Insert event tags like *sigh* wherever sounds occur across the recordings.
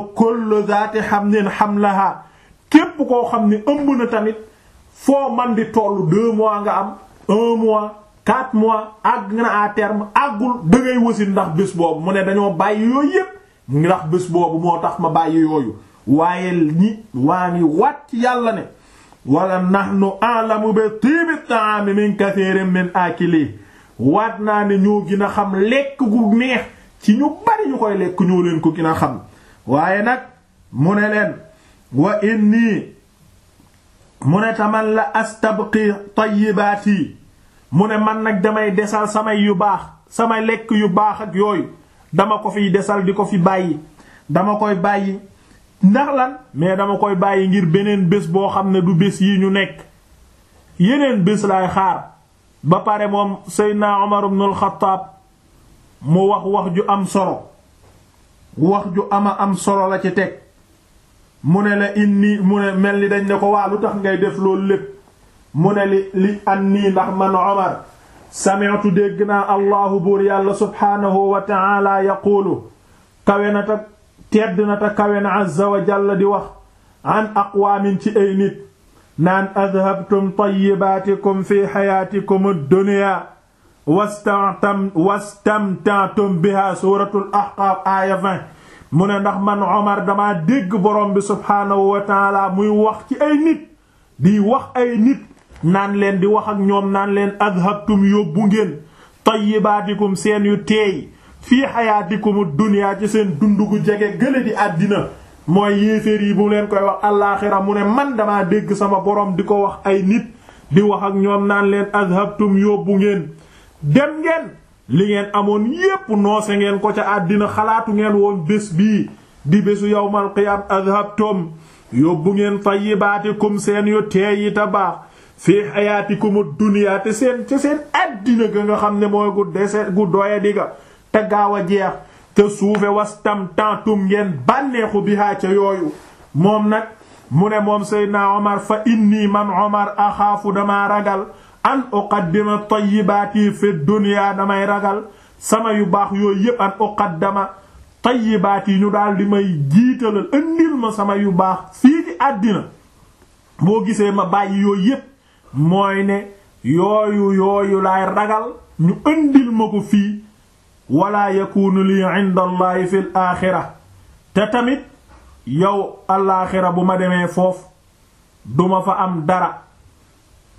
kullu zaati hamlin hamlaha képp koo xam ni ëmb na tamit foo man di tollu deux mois nga am un mois quatre mois àgg na à àggul da ngay wasin ndax bés boobu mu ne dañoo bàyyi yooyu yépp ndax bés boobu moo tax ma bàyyi yooyu waaye ñi waa ngi wàcc yàlla ne wala nahnu a'lamu bi tibi ta'ami min kathirin min akili waat naa ne ñoo gën a xam lekk gu neex ci ñu bari ñu koy lekk ñoo leen ko gën a xam waaye nag mu ne leen wa nii mu ne tamal la as astabqi tayyibaat yi mu ne man nag damay desal samay yu baax sama lekk yu baax ak yooyu dama ko fiy desal di ko fi bàyyi dama koy bàyyi ndax lan mais dama koy bàyyi ngir beneen bés boo xam ne du bés yi ñu nekk yeneen bés laay xaar ba pare moom Seydina Umar ibn al mu wax wax ju am solo wax ju ama am solo la ci teg mu ne la inni mu ne mel ni dañ ne ko waa lu tax ngay def loolu lépp mu ne li li annii ndax man Omar sami'tu dégg naa allahu buur yàlla subhaanahu wa ta'ala yaquulu kawe na tedd na ta kawe na wa jalla di wax an aqwaamin ci ay nit naan adhabtum tayyibaatikum fi hayaatikum ad-dunya wastamtam wastamtaatum biha suuratul ahqaaf aaya 20 mu ne ndax man Omar dama dégg borom bi subhaanahu wa muy wax ci ay nit di wax ay nit naan leen di wax ak ñoom naan leen adhabtum yóbbu ngeen tayyibaatikum seen yu teey fii xayaatikum dunya ci seen dundu gu jege gële di àddina mooy yéeféer yi bu leen koy wax allaaxira mu ne man dama dégg sama borom di ko wax ay nit di wax ak ñoom naan leen adhabtum yóbbu ngeen dem ngeen li ngeen amoon yépp noose ngeen ko ca àddina xalaatu ngeen woon bés bii di bésu yawmal qiyaam adhabtum yóbbu ngeen fa tayyibaatikum seen yu teey yi ta baax fi hayaatikum dunya te seen te seen àddina ga nga xam ne mooy gu dese gu doya di ga te gaaw a jeex te suufe wastam tantum ngeen bànneexu bihaa ca yooyu moom nag mu ne moom Seydina Omar fa inni man Omar axaafu dama ragal an uqaddima tayyibaati fi dunya damay ragal sama yu baax yooyu yépp an uqaddama tayyibaati ñu daal di may jiitalal andil ma sama yu baax fii ci àddina boo gisee ma bàyyi yooyu yépp mooy ne yooyu yooyu laay ragal ñu andil ma ko fii wala yakunu li inda allahi fil aaxira te tamit yow alaaxira bu ma demee foofu duma fa am dara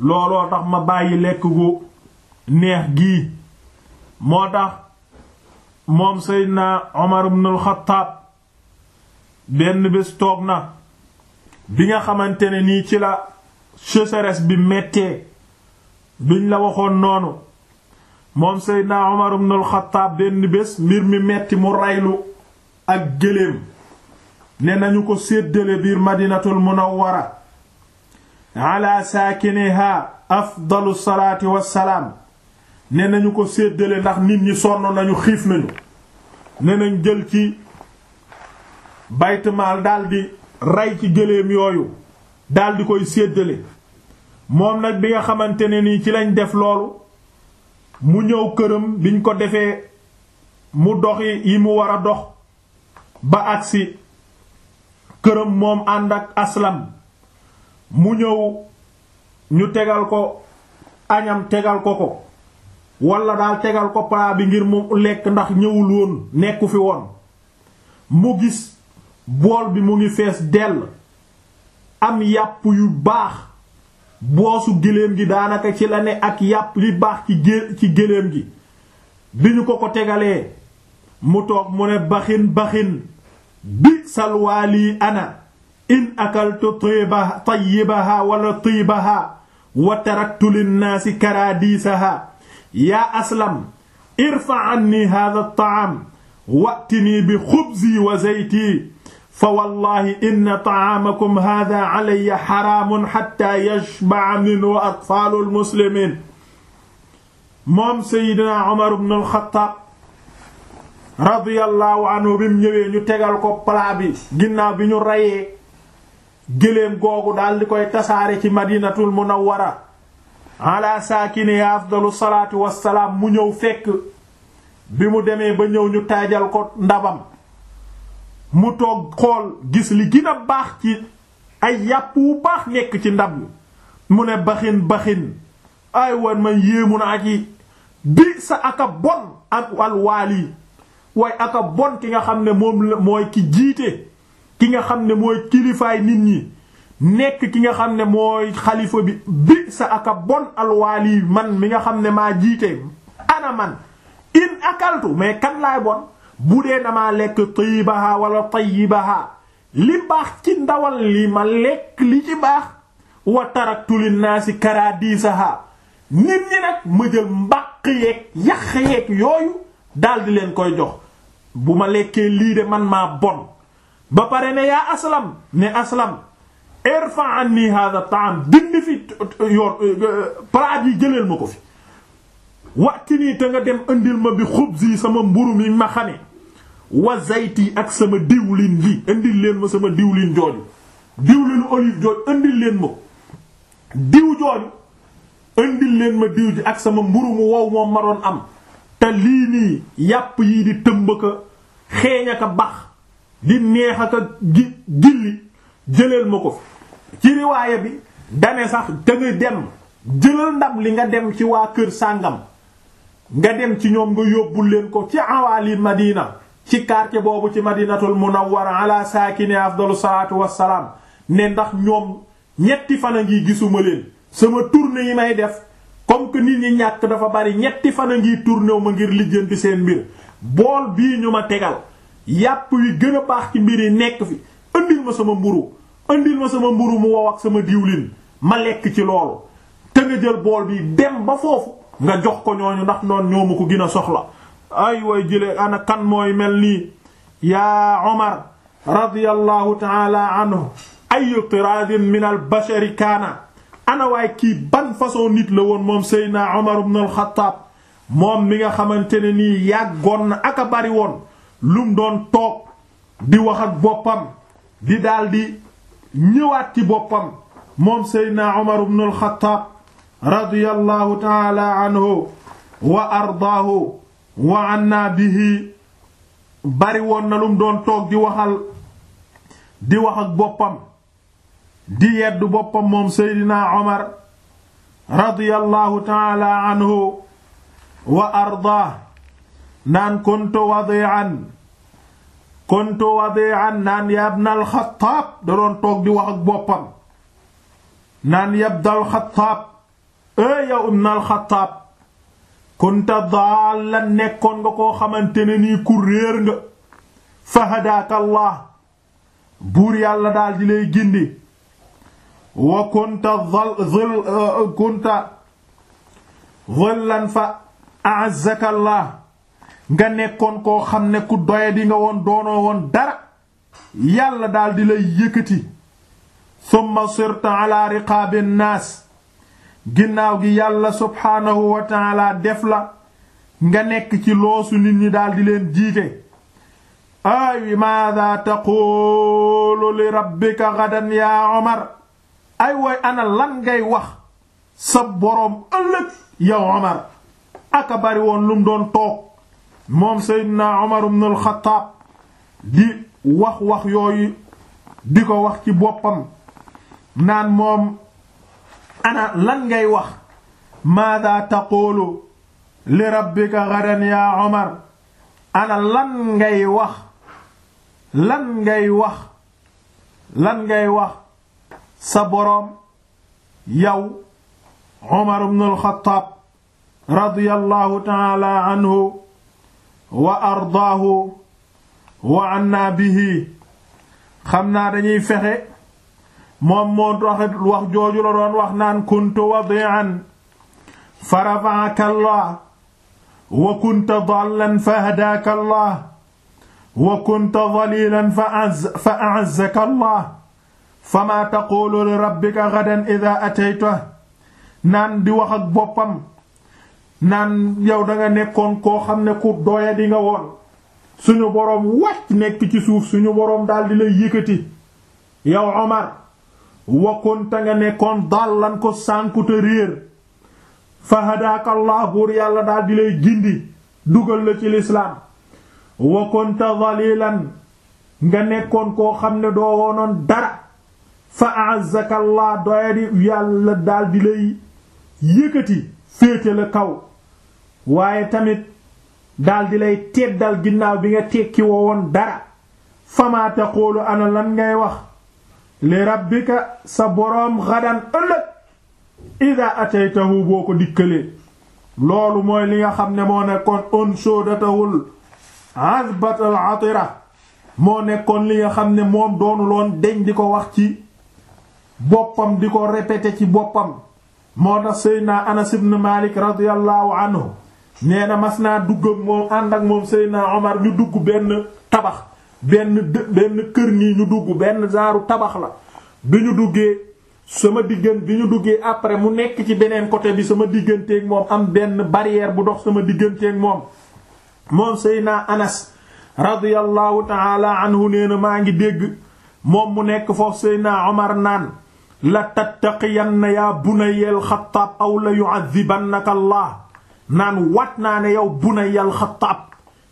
looloo tax ma bàyyi lekk gu neex gii moo tax moom Seydina na ibn al benn bés toog na bi nga xamante ne nii ci la sécheresse bi mettee biñ la waxoon noonu moom Seydina Omar ibn al benn bés mbir mi metti mu raylu ak gëléem ne nañu ko séddale biir Madinatul wara ala saakiniha afdalu salaati wassalaam ne nañu ko séddale ndax nit ñi sonn nañu xiif nañu ne nañ jël ci baytumaal daldi rey ci gëléem yooyu daldi koy séddale moom nag bi nga xamante ne nii ci lañ def loolu mu ñëw këram biñ ko defee mu doxi yi mu war a dox ba agsi këram moom ànd ak aslam mu ñëw ñu tegal ko añam tegal ko ko wala daal tegal ko paa bi ngir mu lekk ndax ñëwul nekku fi woon mu gis bool bi mu ngi fees dell am yàpp yu baax boosu géléem gi daanaka ci la ne ak yàpp yi baax ci gé ci géléem gi bi ñu ko ko tegalee mu toog mu ne baxin baxin bi salwaali ana in akaltu tiba tayibaha wala tibaha wa taraktu linnaasi karadiisaha yaa aslam irfa anni hada taam watinii bi xubsi wa zeytii fa wallahi inna taamakum hada calaya xaraamun xatta yashbaca minhu atfaalu almuslimin moom Seydina Omar ibn al-Khattab radiyallahu anhu bim ñëwee ñu tegal ko palaa bi ginnaaw bi ñu rayee géléem googu daal di koy tasaare ci madinatul munawwara ala saakini ya afdalu salaatu wassalaam mu ñëw fekk bi mu demee ba ñëw ñu taajal ko ndabam mu toog xool gis li gën a baax ci ay yàpp wu baax nekk ci ndab mu ne baxin baxin ay wan man yéemu na ak yi bi sa aka bon ak alwaali way aka bon ki nga xam ne moom mooy ki jiite ki nga xam ne mooy kilifaay nit ñi nekk ki nga xam ne mooy xalifa bi bi sa aka bon alwaali man mi nga xam ne maa jiite ana man in akaltu mais kan laay bon bu dee damaa lekk tayyibaha wala tayyibaha li baax ci ndawal li ma lekk li ci baax wa ci linnaasi karadisaha nit ñi nag ma jël mbaq yeeg yàq yeeg yooyu daldi leen koy jox bu ma lekkee lii de man maa bon ba pare ne yaa aslam ne aslam irfa anni hadha ta'am dindi fi yor yi jëleel ma ko fi waxti nii te nga dem indil ma bi xubsi sama mburu mi ma xame wa zayti ak sama diwlin li indil leen ma sama diwlin jooju diwlinu olive jooju indil leen ma diw jooju indil leen ma diw ji ak sama mburu mu wow moom ma doon am te lii nii yàpp yii di tëmb ka bax di neex ak gi gilli jëleel ma ko fi ci riwaaya bi dane sax da dem jëlal ndam li nga dem ci waa kër sàngam nga dem ci ñoom ba yóbbul leen ko ci awaali madina ci quartier boobu ci madinatul munawwara ala saakini afdalu salaatu wassalaam ne ndax ñoom ñetti fan a ngi gisuma leen sama turne yi may def comme que nit ñi ñàkk dafa bari ñetti fan a ngi tournée ma ngir lijjanti seen mbir bool bii ñu ma tegal yàpp wi gën baax ci mbir yi nekk fi andil ma sama mburu andil ma sama mburu mu wow ak sama diwlin ma lekk ci loolu te nga jël bool bi dem ba foofu nga jox ko ñooñu ndax noonu ñoomu ko gën a soxla ay way jëlee ana kan mooy mel nii yaa Omar radiyallahu taala anhu ayu tiradin min al bashari kaana ana waay kii ban façon nit la woon moom Seydina Omar ibn al-Khattab moom mi nga xamante ne nii yàggoon na aka bari woon lum doon toog di wax ak boppam di daldi ñëwaat ci boppam moom seydna Umar ibn al-Khattab radiyallahu ta'ala anhu wa ardaahu wa anna bihi bari woon na lum doon toog di waxal di wax boppam di yeddu boppam moom seydna Umar radiyallahu ta'ala anhu wa ardaah naan kuntu wadi'an kuntu wadi'an naan ya ibn al-Khattab da doon toog di wax ak boppam naan ya ibn al-Khattab e yow ibn al-Khattab kunta daallan nekkoon nga koo xamante ne nii ku réer nga fahadaaka Allah buur yàlla daal di lay gindi wa kunta dhil uh, kunta dhillan fa a'azzaka nga nekkoon koo xam ne ku doyadi nga woon doonoo woon dara yàlla daal di lay yëkkati summa sirta ala riqaabi naas ginnaaw gi yàlla subhaanahu wa def la nga nekk ci loosu nit ñi daal di leen jiite ay maada taqulu li rabbika gadan yaa omar ay wooy ana lan ngay wax sa boroom ëllëg ya omar aka bari woon lum doon toog moom Seydina Omar ibn al di wax wax yooyu di ko wax ci boppam naan moom ana lan ngay wax maada taqulu li rabbika gadan ya Omar ana lan ngay wax lan ngay wax sa boroom yow Omar ibn al-Khattab radiyallahu anhu wa ardaahu wa anna bihi xam naa dañuy fexe moom moo tax wax jooju la doon wax naan kuntu wadi'an fa rafa'aka Allah wa kunta dallan fa hadaaka Allah wa kunta dalilan fa a'azzaka Allah famaa taqulu li rabbika ghadan idha ataytahu naan di wax ak boppam naan yow danga nekkoon koo xam ne ku doya di nga woon suñu boroom wàcc nekk ci suuf suñu boroom daal di lay yëkkati yow Omar wakkoon nga nekkoon dal lan ko sànkute réer fahadaaka Allah buur yàlla daal di lay gindi dugal la ci lislaam wakkoon te nga nekkoon koo xam ne doo woonoon dara fa a'azzaka Allah yàlla daal lay yëkkati féete la kaw waaye tamit daldi lay teddal ginnaaw bi nga tekki woon dara fama xoolu ana lan ngay wax li rabbika sa boroom xadan ëllëg ida ataytahu boo ko dikkalee loolu mooy li nga xam ne moo nekkoon on soodatawul azbatal atira moo nekkoon li nga xam ne moom doonuloon deñ di ko wax ci boppam di ko répété ci boppam moo tax Seydina Anas ibn Malik radiyallahu anhu nee na mas naa dugg moom ànd ak moom naa Omar ñu dugg benn tabax benn kër nii ñu dugg benn zaaru tabax la bi ñu duggee sama diggante bi ñu duggee après mu nekk ci beneen côté bi sama digganteeg moom am benn barrière bu dox sama digganteeg moom moom naa Anas radiyallahu taala anhu nee na maa ngi dégg moom mu nekk foofu Seydina Omar naan la tattaqiyanna yaa bunayya al aw la yu'adhibannaka Allah naan wat naa ne yow bunayal xataab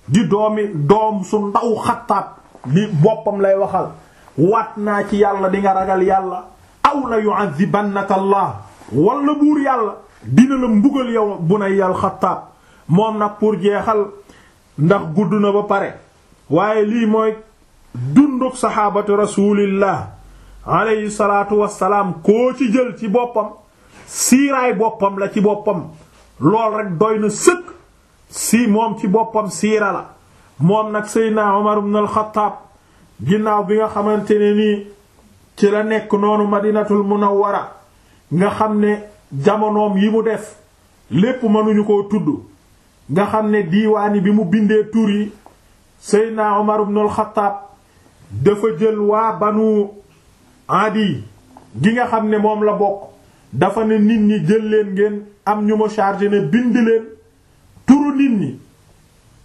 di doomi doom su ndaw xataab di boppam lay waxal wat naa ci yàlla dinga ragal yàlla aw la yu'adhibannaka allah wala buur yàlla dina la mbugal yow bunayal xataab moom nag pour jeexal ndax gudd na ba pare waaye lii mooy dunduk saxaabatu rasulillah alayhi salaatu wassalaam koo ci jël ci boppam siiraay boppam la ci boppam lool rek doy na sëkk si moom ci boppam siira la moom nag Seydina Omar ibn al-Khattab ginnaaw bi nga xamante ne nii ci la nekk noonu war a nga xam ne jamonoom yi mu def lépp mënuñu koo tudd nga xam ne diiwaani bi mu bindee tur yi Seydina Omar ibn al dafa jël waa banu Adi gi nga xam ne moom la bokk dafa ne nit ñi jël leen ngeen am ñu ma chargé ne bind leen turu nit ñi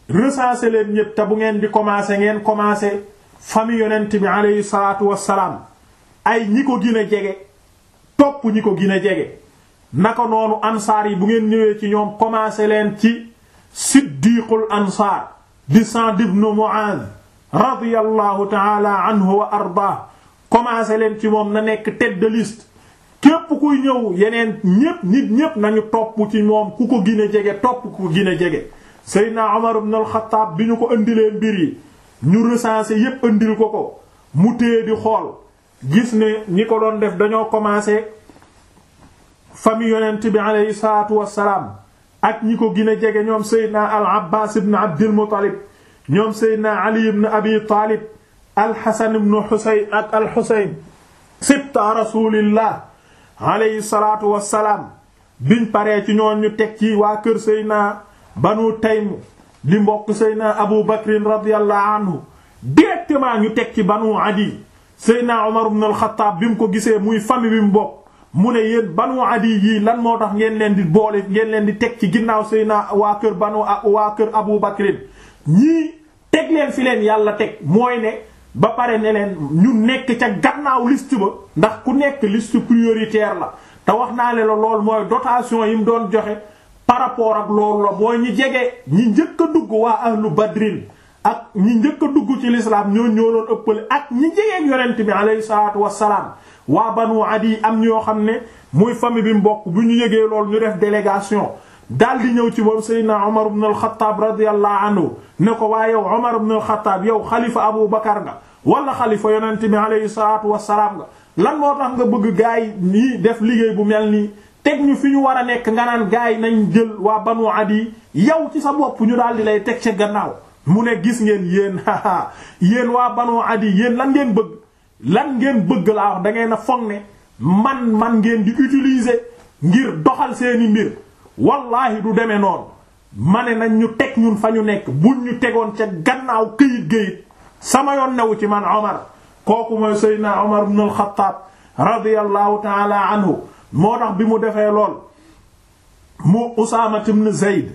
recensé leen ñépp te bu ngeen di commencé ngeen commencé famille yonent bi aleyhi salaatu wassalaam ay ñi ko gën a jege topp ñi ko gën a jege naka noonu ansaar yi bu ngeen ñëwee ci ñoom commencé leen ci siddiqul ansaar di Sa'd ibn Mu'adh radiyallahu ta'ala anhu wa ardaa commencé leen ci moom na nekk tête de képp kuy ñëw yeneen ñépp nit ñépp nañu topp ci moom ku ko gine jege topp ku ko gine jege Seydina Omar ibn al bi ñu ko indilee mbir yi ñu recensé yépp indil ko ko mu téye di xool gis ne ñi ko doon def dañoo commencé famille yonent bi aleyhi salaatu wassalaam ak ñi ko gine jege ñoom Seydina al-Abbas ibn Abdil Muttalib ñoom Seydina Ali ibn Abi Taalib al-Hasan ak al-Husayn sibta aleyhi salaatu wassalaam biñ paree ci ñoon ñu teg ci waa kër Seydina Banu Taym di mbokk Seydina Abu Bakrin radiyallahu anhu directement ñu teg ci Banu Adi Seydina Umar ibn al-Khattab bi mu ko gisee muy famille bi mu bokk mu ne yéen Banu Adi yii lan moo tax ngeen leen di boole ngeen leen di teg ci ginnaaw Seydina waa kër Banu waa kër Abu Bakrin ñii teg leen fi leen yàlla teg mooy ne ba pare ne leen ñu nekk ca gannaaw liste ba ndax ku nekk liste prioritaire la te wax naa ne la lool mooy dotation yi mu doon joxe par rapport ak loolu la mooy ñi jegee ñi njëkk a dugg waa ahlu badrin ak ñi njëkk a dugg ci lislaam ñoo ñoo doon ëppale ak ñi jege yonent bi alayhi salaatu wassalaam waa banu adi am ñoo xam ne muy famille bi mbokk bu ñu yëgee lool ñu def délégation daal di ñëw ci moom Seydina Omar ibn al-Khattab radiyallahu anhu ne ko waaye yow Omar ibn al-Khattab yow xalifa Abu Bakar nga wala xalifa yonent bi alayhi salaatu wassalaam nga lan moo tax nga bëgg gaay nii def liggéey bu mel nii teg ñu fi ñu war a nekk nga naan gaay nañ jël waa Banu Adi yow ci sa bopp ñu daal di lay teg ca gannaaw mu ne gis ngeen yéen *laughs* yéen waa Banu Adi yéen lan ngeen bëgg lan ngeen bëgg laa wax da ngeen a foog man man ngeen di utilise ngir doxal seeni mbir. wallaahi du demee noon mane ne nañ ñu teg ñun fa ñu nekk buñ ñu tegoon ca gannaaw këyit këyit sama yoon newu ci man Omar kooku mooy Seydina Omar ibn al-Khattab radiyallahu anhu moo tax bi mu defee lool mu Usaama ibn Zayd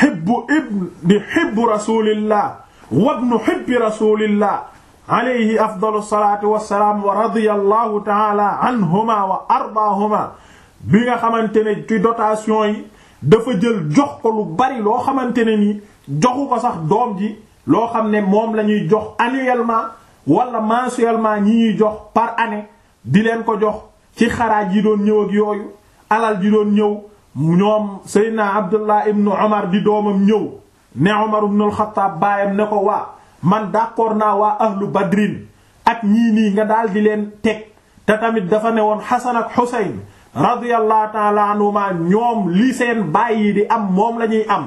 hibbu ibn di hibbu rasulillah wa ibn hibbi rasulillah afdalu salaatu wa salaam wa radiyallahu taala anhuma wa ardaahuma bi nga xamante ne ci dotation yi dafa jël jox ko lu bari loo xamante ne ni joxu ko sax doom ji loo xam ne moom la ñuy jox annuellement wala mensuellement ñi ñuy jox par année di leen ko jox ci xaraaj yi doon ñëw ak yooyu alal ji doon ñëw ñoom Seydina Abdullah ibnu Omar di doomam ñëw ne Omar ibnu al baayam ne ko waa man dàqor naa waa ahlu badrin ak ñii nii nga daal di leen teg te tamit dafa ne woon Hasan ak Husayn radiyallahu taala anhuma ñoom li seen bàyyi di am moom la ñuy am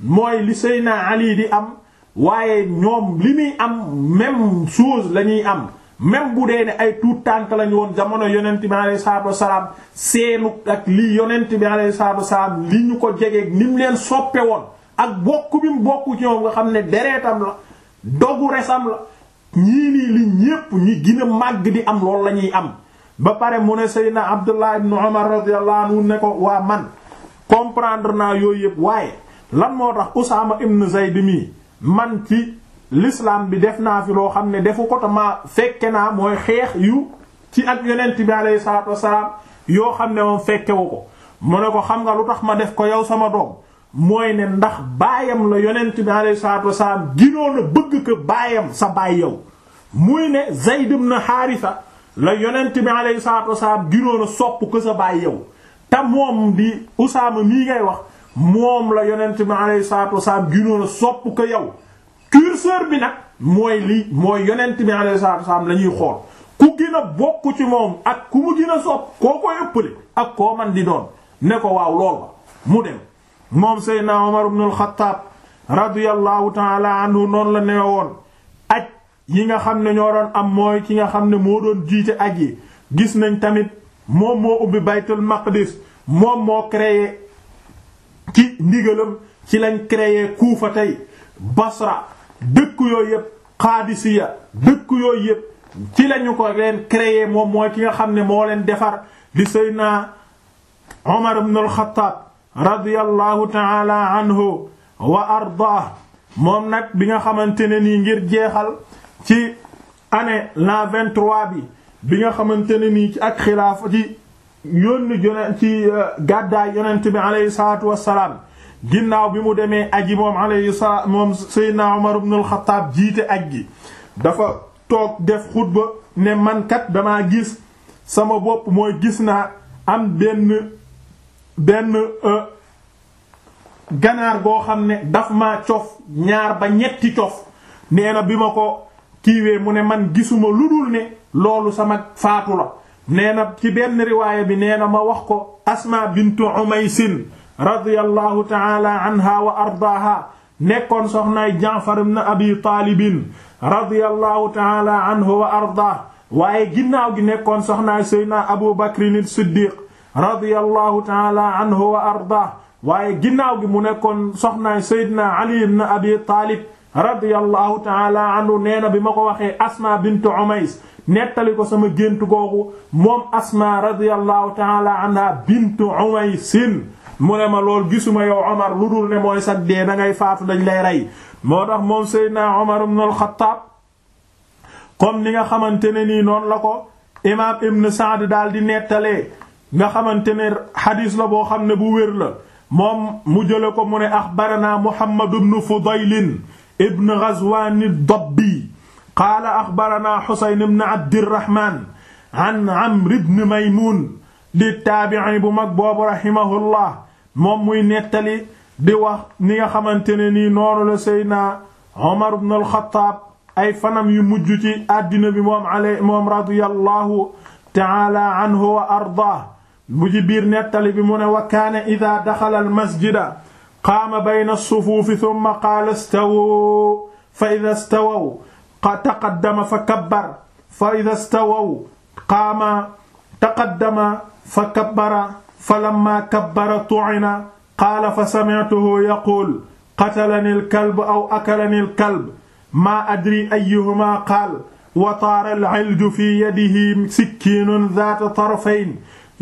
mooy li Seydina Ali di am waaye ñoom li muy am même chose la ñuy am même bu dee ne ay tuut tànk lañu woon jamono yonent bi alayhi salaatu wasalaam seenu ak li yonent bi alayhi salaatu wasalaam li ñu ko jegeeg ni leen soppe woon ak bokk bi mu bokk ñoom nga xam ne dereetam la dogu resam la ñii nii li ñépp ñi gën màgg di am loolu la ñuy am ba pare mu ne Seydina Abdullah ibn Umar radiyallahu anhu ne ko waa man comprendre naa yooyu yëpp waaye lan moo tax Usaama ibn Zayd mi man ci l'islam bi def naa fi loo xam ne defu ko te maa fekke naa mooy xeex yu ci ak yonent bi alayhi salaatu wassalaam yoo xam ne moom fekkewu ko mu ne ko xam nga lu tax ma def ko yow sama doom mooy ne ndax baayam la yonent bi alayhi salaatu wassalaam ginoon a bëgg ko baayam sa baay yow muy ne Zayd ibn Haarisa la yonent bi alayhi salaatu wasalaam ginoon a sopp ko sa baay yow te moom di Usaama mii ngay wax moom la yonent bi alayhi salaatu wasalaam ginoon sopp ko yow curseur bi nag mooy li mooy yonent bi alayhi salaatu wasalaam la xool ku gën a bokk ci moom ak ku mu gën sopp koo koy ëppale ak koo man di doon ne ko waaw lool ba mu dem moom Seydina Umar ibn al-Khattab radiyallahu ta'ala noonu la woon yi nga xam ne ñoo doon am mooy ki nga xam ne moo doon jiite aj yi gis nañ tamit moom moo ubbi baytul maqdis moom moo créé ci ndigalam ci lañ créé Kuufa tey Basra dëkku yooyu yëpp Qaadisiya dëkku yooyu yëpp ci lañu ko leen créé moom mooy ki nga xam ne moo leen defar di Seydina Umar ibn al-Khattab radiyallahu ta'ala anhu wa ardaah moom nag bi nga xamante ne nii ngir jeexal ci année l'an bi bi nga xamante ne nii ci ak xilaaf ci yónni yonent ci euh, gàddaay yonent bi aleyhi salaatu wassalaam ginnaaw bi mu demee aji moom alayhi salaat moom Umar ibn al jiite aj gi dafa toog def xutba ne mankat damaa gis sama bopp mooy gis naa am benn benn euh, ganaar goo xam ne daf ma cof ñaar ba ñetti cof nee na bi ma ko kiiwee mu ne man gisuma lu dul ne loolu sama faatu la nee na ci benn riwaaya bi nee na ma wax ko asma bintu umaysin radiyallahu taala anha wa ardaaha nekkoon soxnaay jaafar ibn abi taalibin radiyallahu taala anhu wa ardaah waaye ginnaaw gi nekkoon soxnaay seydna abu bakrin siddiq radiyallahu taala anhu wa ardaah waaye ginnaaw gi mu nekkoon soxnaay seydna ali ibn abi taalib radiyallahu taala anhu nee na bi ma ko waxee asmaa bintu umays nettali ko sama gént kooku moom asma radiyallahu taala anha bintu umaysin mu ne ma lool gisuma yow omar lu dul ne mooy sag dee da ngay faatu dañ lay rey moo tax moom seydina omar ibn al-Khattab ni nga xamante ne nii noonu la ko imam ibn Sa'd daal di nettalee nga xamante ne xadiis la boo xam ne bu wér la moom mu jële ko mu ne axbaranaa Muhammad ibn Fudayl ibn Ghazwan ad-Dabbi qaala axbaranaa Xusayn ibn Abdirrahmaan an Amr ibn Maymuun di taabi'i bu mag boobu rahimahullah moom muy nettali di wax ni nga xamante ne nii noonu la Seydina Omar ibn al-Khattab ay fanam yu mujj ci àddina bi moom ale moom radiyallahu ta'ala anhu wa ardaah bu ci biir nettali bi mu ne wa kaana idaa daxala al-masjida qaama bayna sufuufi thumma qaala stawu fa ida stawaw taqaddama fa kabbar fa ida stawaw qaama taqaddama fa kabbara fa lamma kabbara tu'ina qaala fa sami'tuhu yaquul qatalani alkalb aw akalani alkalb maa adri ayyuhumaa qaal wa taara al'ilju fii yadihi sikkiinun zaata tarfayn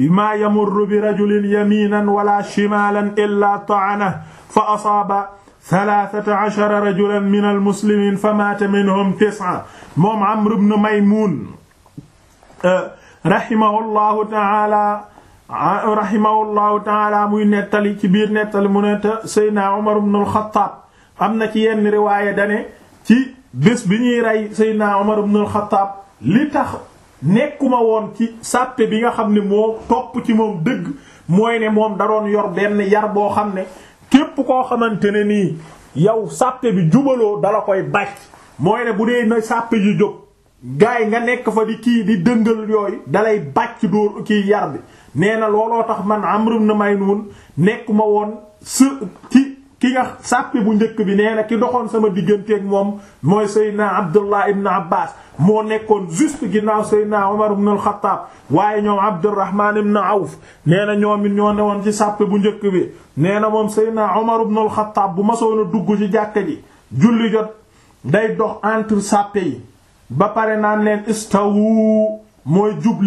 maa yamurru bi rajulin yaminan wala shimalan illa ta'anahu fa asaaba talaatata ashara rajulan minal muslimiin fa maata minhum tis'a moom Amr ibn Maymuun eh, rahimahullahu ta'aala rahimahullahu ta'aala muy nettali ci biir nettali mu ne te Seydina Umar ibn al-Khattaab am na ci yenn riwaaya dane ci bés bi ñuy rey Seydina Umar ibn al-Khattaab li tax nekkuma woon ci sàppe bi nga xam ne moo topp ci moom dëgg mooy ne moom da doon yor benn yar boo xam ne képp koo xamante ne nii yow sàppe bi jubaloo dala koy bàcc mooy ne bu dee na sàppe yu jóg gaay nga nekk fa di kii di dëngal yooyu dalay bàcc doo kii yar bi nee na looloo tax man Amr ibn Maynun nekkuma woon su ci ki nga sàppi bu njëkk bi nee na ki doxoon sama digganteeg moom mooy Seydina Abdullah ibn Abbas moo nekkoon juste ginnaaw Seydina Omar ibn al-Khattab waaye ñoom Abdurrahman ibn Awf nee na ñoo it ñoo newoon ci sàppi bu njëkk bi nee na moom Seydina Omar ibn al-Khattab bu masoon a dugg ci jàkka ji julli jot day dox entre sàppe yi ba pare naan leen istawu mooy jub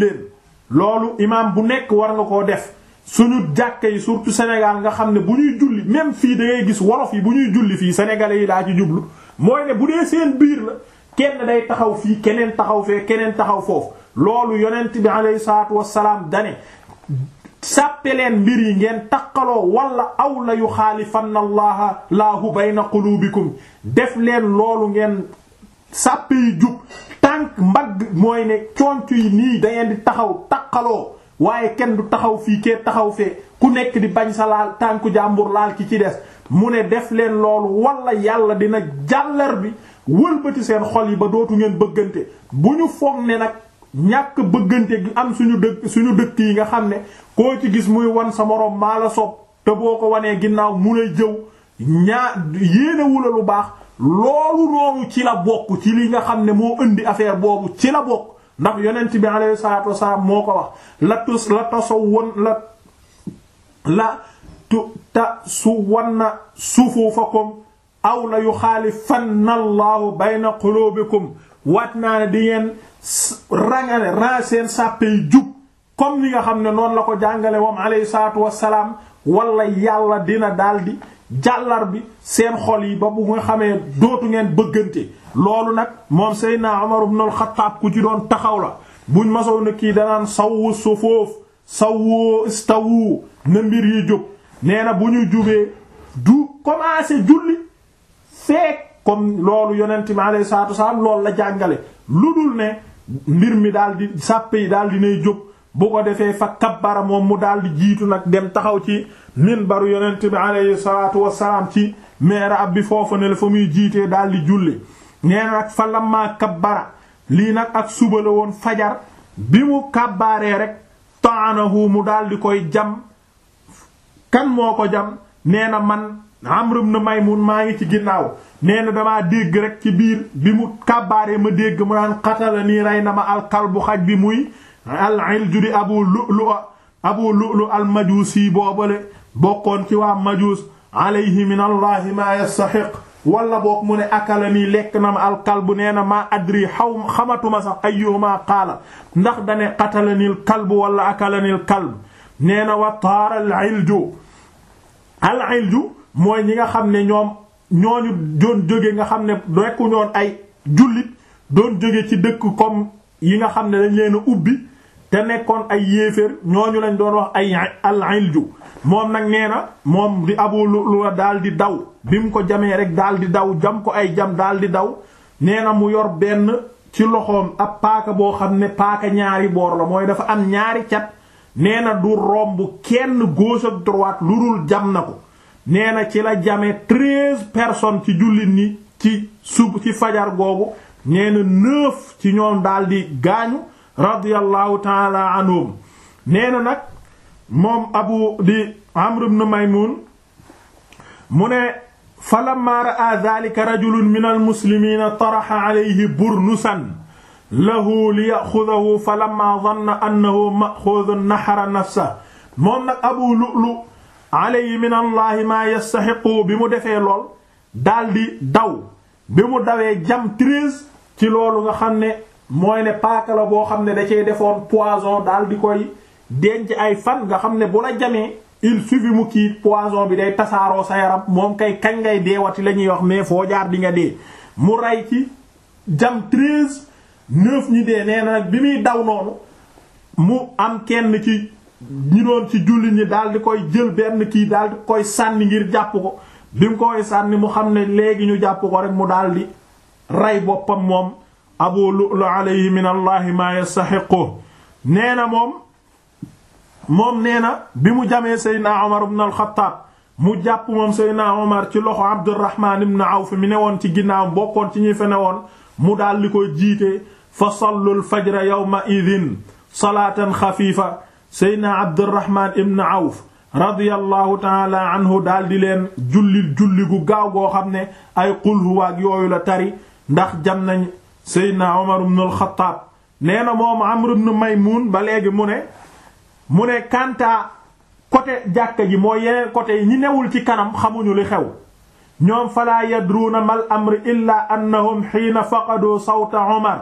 loolu imaam bu nekk war nga koo def suñu jàkka yi surtout Sénégal nga xam ne bu ñuy julli même fii da ngay gis wolof yi bu ñuy julli fii sénégalais yi laa ci jublu mooy ne bu dee seen biir la kenn day taxaw fii keneen taxaw fee keneen taxaw foofu loolu yonent bi alayhi salaam wassalaam dane leen mbir yi ngeen taqaloo wala aw la yuxaalifanna allaha laahu bayna qulubikum def leen loolu ngeen sàppe yi jub tànk mbagg mooy ne conc yi nii da di taxaw taqaloo waaye kenn du taxaw fii kee taxaw fee ku nekk di bañ sa laal tànku jàmbur laal ki ci des mu ne def leen loolu wala yàlla dina jàllar bi wëlbati seen xol yi ba dootu ngeen bëggante bu ñu foog ne nag ñàkk bëggante gi am suñu dëkk suñu dëkk yi nga xam ne koo ci gis muy wan sa moroom maa la sob te boo ko wanee ginnaaw mu ne jëw ñaa yéenewula lu baax loolu noonu ci la bokk ci li nga xam ne moo indi affaire boobu ci la bokk ndax yonent bi alayhi salaatu wasalaam moo ko wax la tus la tasawwan la la tu ta suwanna sufuufakum aw la yuxaalifanna allahu bayna quluubikum waat naa ne di ngeen rangale ran seen sàppey jub comme ni nga xam ne noonu la ko jàngale moom alayhi salaatu wasalaam wala yàlla dina daldi jàllar bi seen xol yi ba bu nga xamee dootu ngeen bëggante loolu nag moom naa Umar ibn al-Khattab ku ci doon taxaw la buñ masoo na kii danaan sawwu sufuf sawwu istawu na mbir yi jóg nee na bu ñu jubee du commencé julli feek comme loolu yonent bi alayhi salaatu wasalaam loolu la jàngale lu dul ne mbir mi daal di sàppe yi daal dinay jóg bu ko defee fa kabbara moom mu daal di jiitu nag dem taxaw ci minbaru yonent bi alayhi salaatu wassalaam ci mihrab bi foofu ne la fa muy jiitee daal di julli nee nag fa lamma kabbara lii nag ak suba la woon fajar bi mu kàbbaaree rek taanahu mu daldi koy jam kan moo ko jam nee na man Amr ibn Maymun maa ngi ci ginnaaw nee na dégg rek ci biir bi mu kàbbaaree ma dégg mu naan xatala nii rey na ma alkalbu xaj bi muy al-Ilju di Abu Lu'lu'a Abu Lu'lu' al-Majusi boobale bokkoon ci waa Majus alayhi min allahi maa yastaxiq wala boog mu ne akala lekk na ma alkalbu nee na ma adri xaw xamatuma sax ayyuhuma qaala ndax dane qatalani alkalbu wala akalani alkalb nee na wa taara al-Ilju mooy ñi nga xam ne ñoom ñooñu doon jóge nga xam ne rekku ay jullit doon jóge ci dëkk comme yi nga xam ne dañ ubbi te nekkoon ay yéeféer ñooñu lañ doon wax ay al-ilju moom nag nee na moom di abu lula daal di daw bi mu ko jamee rek daal di daw jam ko ay jam daal di daw nee na mu yor benn ci loxoom ab paaka boo xam ne paaka ñaari boor la mooy dafa am ñaari cat nee na du romb kenn gauche ak droite lu dul jam na ko nee na ci la jame treize personnes ci jullit ñi ci sub ci fajar googu nee na neuf ci ñoom daal gaañu radiyallahu taala anhum nee na nag moom abu di amr ibn maymun mu ne fa lamma ra'a dhalika rajulun min almuslimina taraxa alayhi burnusan lahu liyaxudahu fa lamma danna annahu maxuudun naxara nafsa moom nag abu lu'lu alayhi min allahi maa yastaxiqu bi mu defee lool daldi daw bi mu dawee jam treize ci loolu nga xam ne mooy ne paaka la boo xam ne da cee defoon poison daal di koy denc ay fan nga xam ne bu la jamee il suffit mu kii poison bi day tasaaroo sa yaram moom kay kañ ngay deewati la ñuy wax mais foo jaar di nga dee mu rey ci jam treize neuf ñi dee nee nag bi muy daw noonu mu am kenn ci ñi doon ci julli ñi daal di koy jël benn kii daal di koy sànni ngir jàpp ko bi mu koy sànni mu xam ne léegi ñu jàpp ko rek mu daal di rey boppam moom abu lu'lu ma min allahi yastaxiqu nee na moom moom nee na bi mu jamee seydna omar ibn alxataab mu jàpp moom seydna omar ci loxo abdurrahman ibn awf mi ne woon ci ginnaaw bokkoon ci ñi fe woon mu daal li koy jiite fa sallu alfajra yawma idin salaatan xafiifa seydna abdurrahman ibn awf radiyallahu taala anhu daal leen jullil julli gu gaaw goo xam ne ay qul huwa yooyu la tari ndax jam nañ Seydina Omar ibn al-Khattab nee na moom Amr ibn Maymun ba léegi mu ne mu ne Kanta côté jàkka ji mooy yeneen côté yi ñi newul ci kanam xamuñu li xew ñoom falaa yadruuna mal amri illaa annahum xiina faqaduu sawta Omar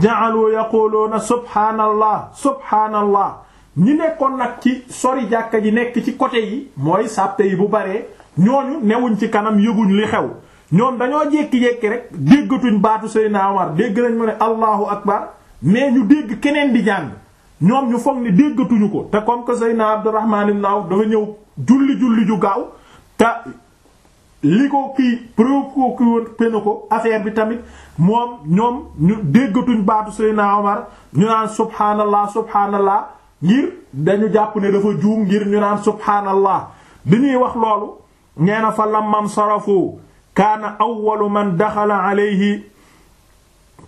ja'aluu yaquluuna subhaanallah subhaanallah ñi nekkoon nag ci sori jàkka ji nekk ci côté yi mooy sàppe yi bu baree ñooñu newuñ ci kanam yëguñ li xew ñoom dañoo jékki-jékki rek déggatuñ baatu Seydina Omar dégg nañ ma ne Allahu akbar mais ñu dégg keneen di jàng ñoom ñu foog ne déggatuñu ko te comme que Seydina Abdurrahman ibn Awf dafa ñëw julli julli ju gaaw te li ko kii préoccupé na ko affaire bi tamit moom ñoom ñu déggatuñ baatu Seydina Omar ñu naan subhaanallah subhaanallah ngir dañu jàpp ne dafa juum ngir ñu naan subhaanallah bi ñuy wax loolu nee na fa lamman sarafoo kaana awwalu man daxala alayhi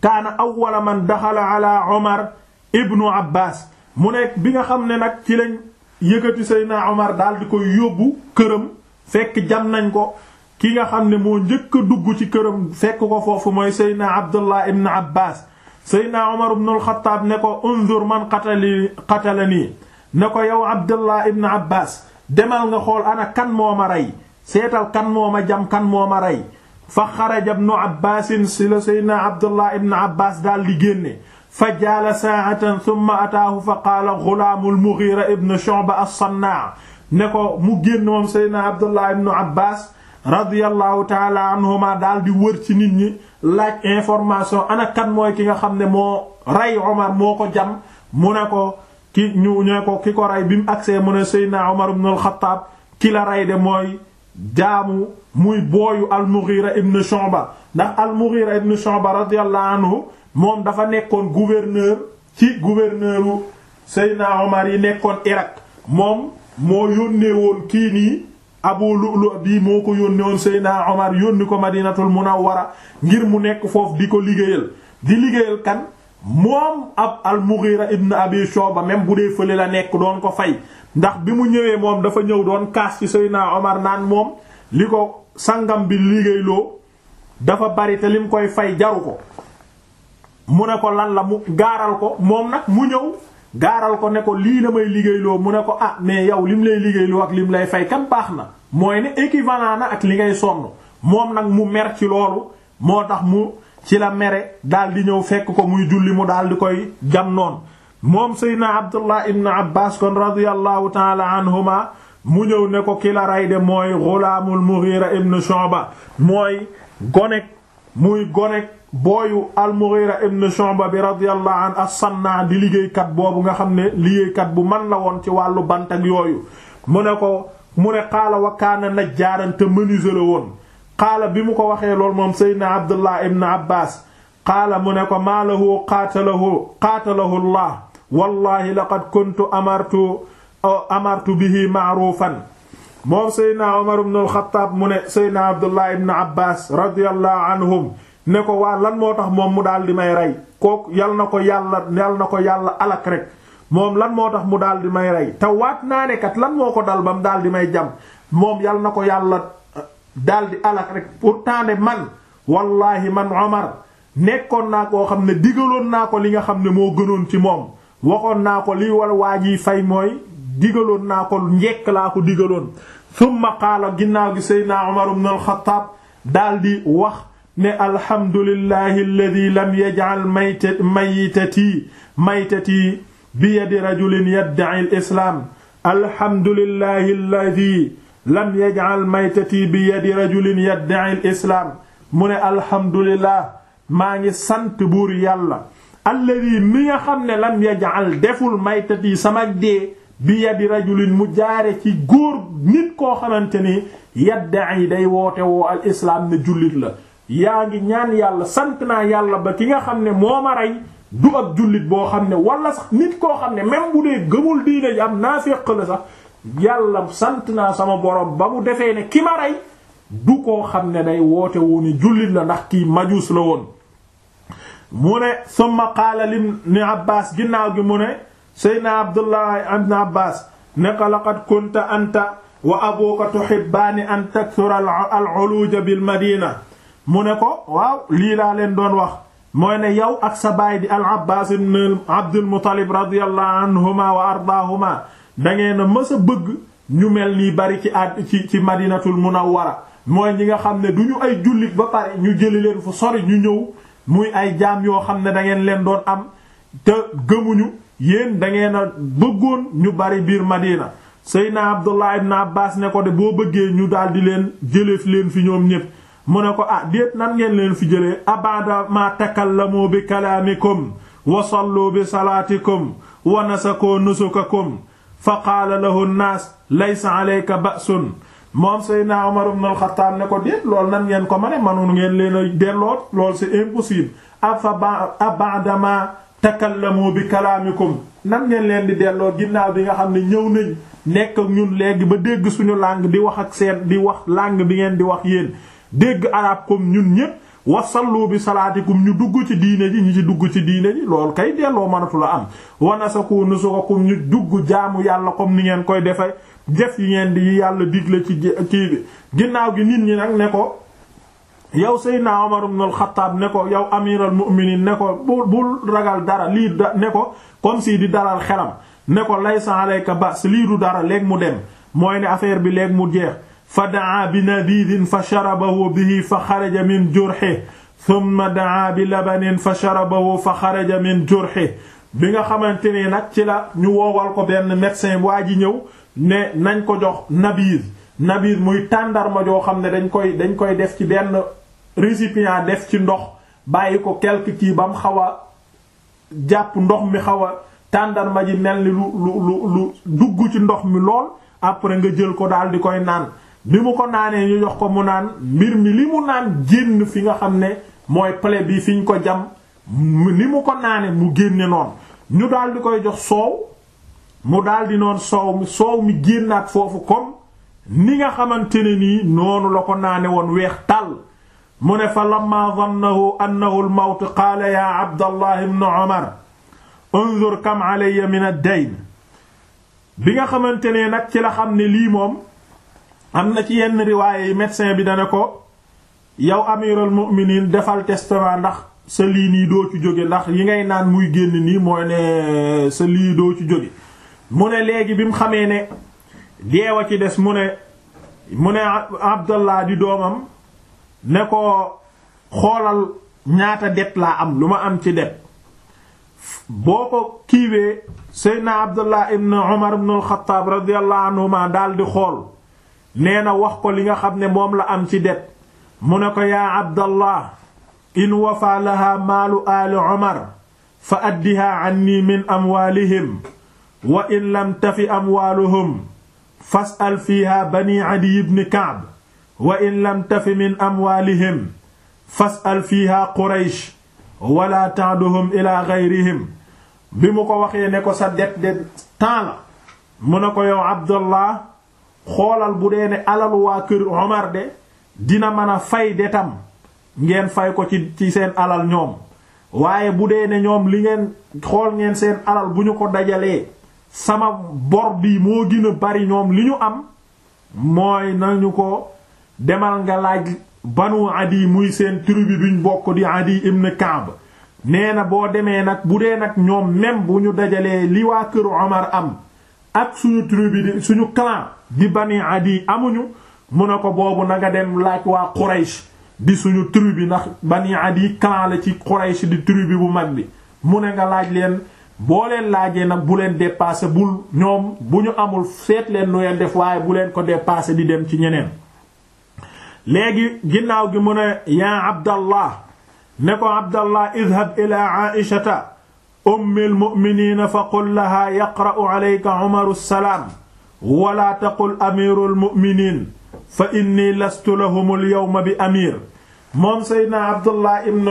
kaana awwala man daxala Omar ibnu Abbas mu nekk bi nga xam ne nag ci lañ yëkkati Seydina Omar daal di koy yóbbu këram fekk jam nañ ko ki nga xam ne moo njëkk a dugg ci këram fekk ko foofu mooy Seydina Abdullah ibnu Abbas Seydina Omar ibnu al-Xattaab ne ko unzur man qatalanii ne ko yow Abdullah ibnu Abbas demal nga xool ana kan moo ma seetal kan moo ma jam kan moo ma rey fa xaraja ibnu abbaasin si la seydna abdullah ibnu abbaas daal di génne fa jaala saatan thumma ataahu fa qaala gulaamu almughira ibnu shu'ba as-sannaa ne ko mu génn moom seydna abdullah ibnu abbaas radiyallahu taala anhuma daal di wër ci nit ñi laaj information ana kan mooy ki nga xam ne moo rey Omar moo ko jam mu ne ko ki ko rey bi mu agsee mu ne Seydina Omar ibn al ki la rey de mooy jaamu muy booyu al-Mughira ibn ndax al-Mughira ibn Shu'ba radiyallahu anhu moom dafa nekkoon gouverneur ci gouverneuru Seydina Omar yi nekkoon Irak moom moo yónnee woon kii nii Abu Lu'lu' bii moo ko yónnee woon Seydina Omar yónni ko Madinatul Munawwara ngir mu nekk foofu di ko liggéeyal di liggéeyal kan moom ab al-Mughira ibn Abi Shu'ba même bu dee fële la nekk doon ko fay ndax bi mu ñëwee moom dafa ñëw doon kaas ci Seydina Omar naan moom li ko sangam bi liggéeyloo dafa bari te lim koy fay jaru ko mu ne ko lan la mu gaaral ko moom nag mu ñëw gaaral ko ne ko lii la may liggéeyloo mu ne ko ah mais yow lim lay liggéeyloo ak lim lay fay kan baax na mooy ne équivalent na ak li ngay sonn moom nag mu mer ci loolu moo tax mu ci la mere daal di ñëw fekk ko muy julli mu daal di koy jam noonu moom seydna abdullah ibn abbas kon radiyallahu taala anhuma mu ñëw ne ko ki de mooy gulaamul mughira ibn shu'ba mooy gonek muy gonek booyu al mughira ibn shu'ba bi radiyallahu an as-sanna di liggéeykat boobu nga xam ne liggéeykat bu man la woon ci wàllu bant ak yooyu mu ne ko mu ne qaala wa kaana najjaaran te menuisier la woon xaala bi mu ko waxee lool moom seydna abdullah ibn abbas qaala mu ne ko maa lahu qaatalahu qaatalahu wallahi laqad kuntu amartu amartu bihi ma'rufan moom seydna omar ibn al-Khattab mu ne seydna abdullah ibn abbas radiyallahu anhum ne ko waa lan moo tax moom mu daal di may rey kook yal na ko yàlla yal na ko yàlla alak rek moom lan moo tax mu daal di may rey te waat naa ne lan moo ko dal ba mu daal di may jam moom yal na ko yàlla eh, daldi di alak rek pourtant ne man wallahi man omar nekkoon naa koo xam ne digaloon naa ko li nga xam ne moo gënoon ci moom waxoon naa ko lii war waa ji fay mooy digaloon naa ko njekk laa ko digaloon thumma qaala ginnaaw gi seydna Umar ibn al daldi wax ne alhamdulillahi alladhi lam yaj'al maytati maytati bi yadi rajulin yadda'i al-islam alhamdulillahi alladhi lam yaj'al maytati mu ne alhamdulillah maa ngi sant buur yàlla alladi mi nga xam ne lam yaj'al deful maytati sama dee bi yadi rajulin mu jaare ci góor nit koo xamante ni yadda'i day woote woo al islaam la yaa ñaan yàlla sant naa yàlla ba ki nga xam ne moo ma rey du boo xam ne wala nit koo xam ne même bu dee gëmul diine ji am naafiq la sax yàlla sant naa sama borom ba mu defee ne ki ma rey du koo xam ne day wootewu wu jullit la ndax kii majuus la woon mu ne summa qaala libni abbas ginnaaw gi mu ne seydna abdullah ibn abbas ne ko laqad kunta anta wa abuka tuhibbaani an takthura al-uluja bil madina mu ne ko waaw lii laa leen doon wax mooy ne yow ak sa baay di al abbas ibn abdul muttalib radiyallahu anhuma wa ardaahuma dangeen mës a bëgg ñu mel nii bari ci at ci ci madinatul munawwara mooy ñi nga xam ne du ñu ay jullit ba pare ñu jëli leen fu sori ñu ñëw muy ay jaam yoo xam ne da ngeen leen doon am te gëmuñu yéen dangeen a bëggoon ñu bari biir Madina Seydina Abdullah ibn Abbas ne ko de boo bëggee ñu daal di leen jële leen fi ñoom ñépp mu ne ko ah déet nan ngeen leen fi jëlee abada ma takallamu bi kalaamikum wa bi salaatikum wa nasakoo nusukakum fa qaala lahu nnaas laysa moom Seydina Omar ibn al-Khattab ne ko déet lool nan ngeen ko ma ne manu ngeen leen a delloo loolu c'est impossible afa abadama takallamu bi kalaamikum nan ngeen leen di delloo ginnaaw bi nga xam ne ñëw nañ nekk ak ñun léegi ba dégg suñu langue di wax ak seen di wax langue bi ngeen di wax yéen dégg arab comme ñun ñépp wasallu bi salaatikum ñu dugg ci diine ji ñu ci dugg ci diine ji loolu kay delloo mënatu la am wanasaku sa ñu dugg jaamu yàlla comme ni ngeen koy defee jëf yi ngeen di yàlla digle ci ginnaaw gi nit ñi nag ne ko yow sëy Omar ibn al ne ko yow amiral mu'minin ne ko bul ragal dara lii da ne ko comme si di daral xelam ne ko laysa alayka bas lii du dara léeg mu dem mooy ne affaire bi léeg mu jeex fa daa bi nadidin fa sharabahu bihi fa xaraja min jurhi thumma daa bi labanin fa sharabahu fa xaraja min jurhi bi nga xamante ne nag ci la ñu woowal ko benn médecin waa ji ñëw ne nañ ko jox nabiz nabiz muy tàndarma joo xam ne dañ koy dañ koy def ci benn récipient def ci ndox bàyyi ko quelque kii ba mu xaw a jàpp ndox mi xaw a tàndarma ji mel ni lu lu lu dugg ci ndox mi lool après nga jël ko daal di koy naan bi mu ko naanee ñu jox ko mu naan mbir mi li mu naan génn fi nga xam ne mooy pale bii fi ñu ko jam ni mu ko naanee mu génne noonu ñu daal di koy jox soow mu daldi noonu soow mi soow mi génnaat foofu comme ni nga xamante ni nii noonu la ko naane woon weex tàll mu ne fa lamma dannahu annahu almawt qaala yaa abdallah ibn bi nga xamante ne nag ci la xam ne lii moom am na ci yenn riwaaye yi médecin bi dana ko yow amiral mu'minin defal testament ndax sa lii nii doo ci jóge ndax yi ngay naan muy génn nii mooy ne sa lii doo ci jóge mu ne léegi bi mu xamee ne deewa ci des mu ne mu ne Abdallah di doomam ne ko xoolal ñaata det la am lu ma am ci det boo ko kiiwee Seydina Abdallah ibn Umar ibn al-Khattab radiyallahu anhuma daal di xool nee na wax ko li nga xam ne moom la am ci det mu ne ko ya Abdallah in wafa laha maalu aali Umar fa addiha anni min amwalihim wa in lam tafi amwaaluhum fas'al fiiha bani adiy ibn ka'b wa in lam tafi min amwaalihim fas'al fiiha quraysh wala ta'duhum ila ghayrihim bi mu ko waxee ne ko sa det de temps la mu ne ko yow abdallah xoolal bu dee ne alal waa kër omar de dina mën a fay detam ngeen fay ko ci ci seen alal ñoom waaye bu dee ne ñoom li ngeen xool ngeen seen alal bu ñu ko dajalee sama bor bi moo gën bari ñoom li ñu am mooy nañu ko demal nga laaj banu adi muy seen tribu biñ bokk di adi ibn Kaab nee na boo demee nag bu dee nag ñoom même bu ñu dajalee li waa kër Omar am ak suñu tribu di suñu clan di bani adi amuñu mu ne ko boobu na nga dem laaj waa Quraysh di suñu tribu ndax bani adi clan la ci Quraysh di tribu bu mag bi mu ne nga laaj leen boo leen laajee nag bu leen dépasser bul ñoom bu ñu amul seet leen nu ngeen def waaye bu leen ko dépasser di dem ci ñeneen léegi ginnaaw gi mu ne yaa abdallah ne ko abdallah idhab ila aishata ummi almuminina fa qul lahaa yaqra'u alayka umaru salaam wala taqul amiru almuminin fa inni lastu lahum alyawma bi amir moom seydna abdullah ibn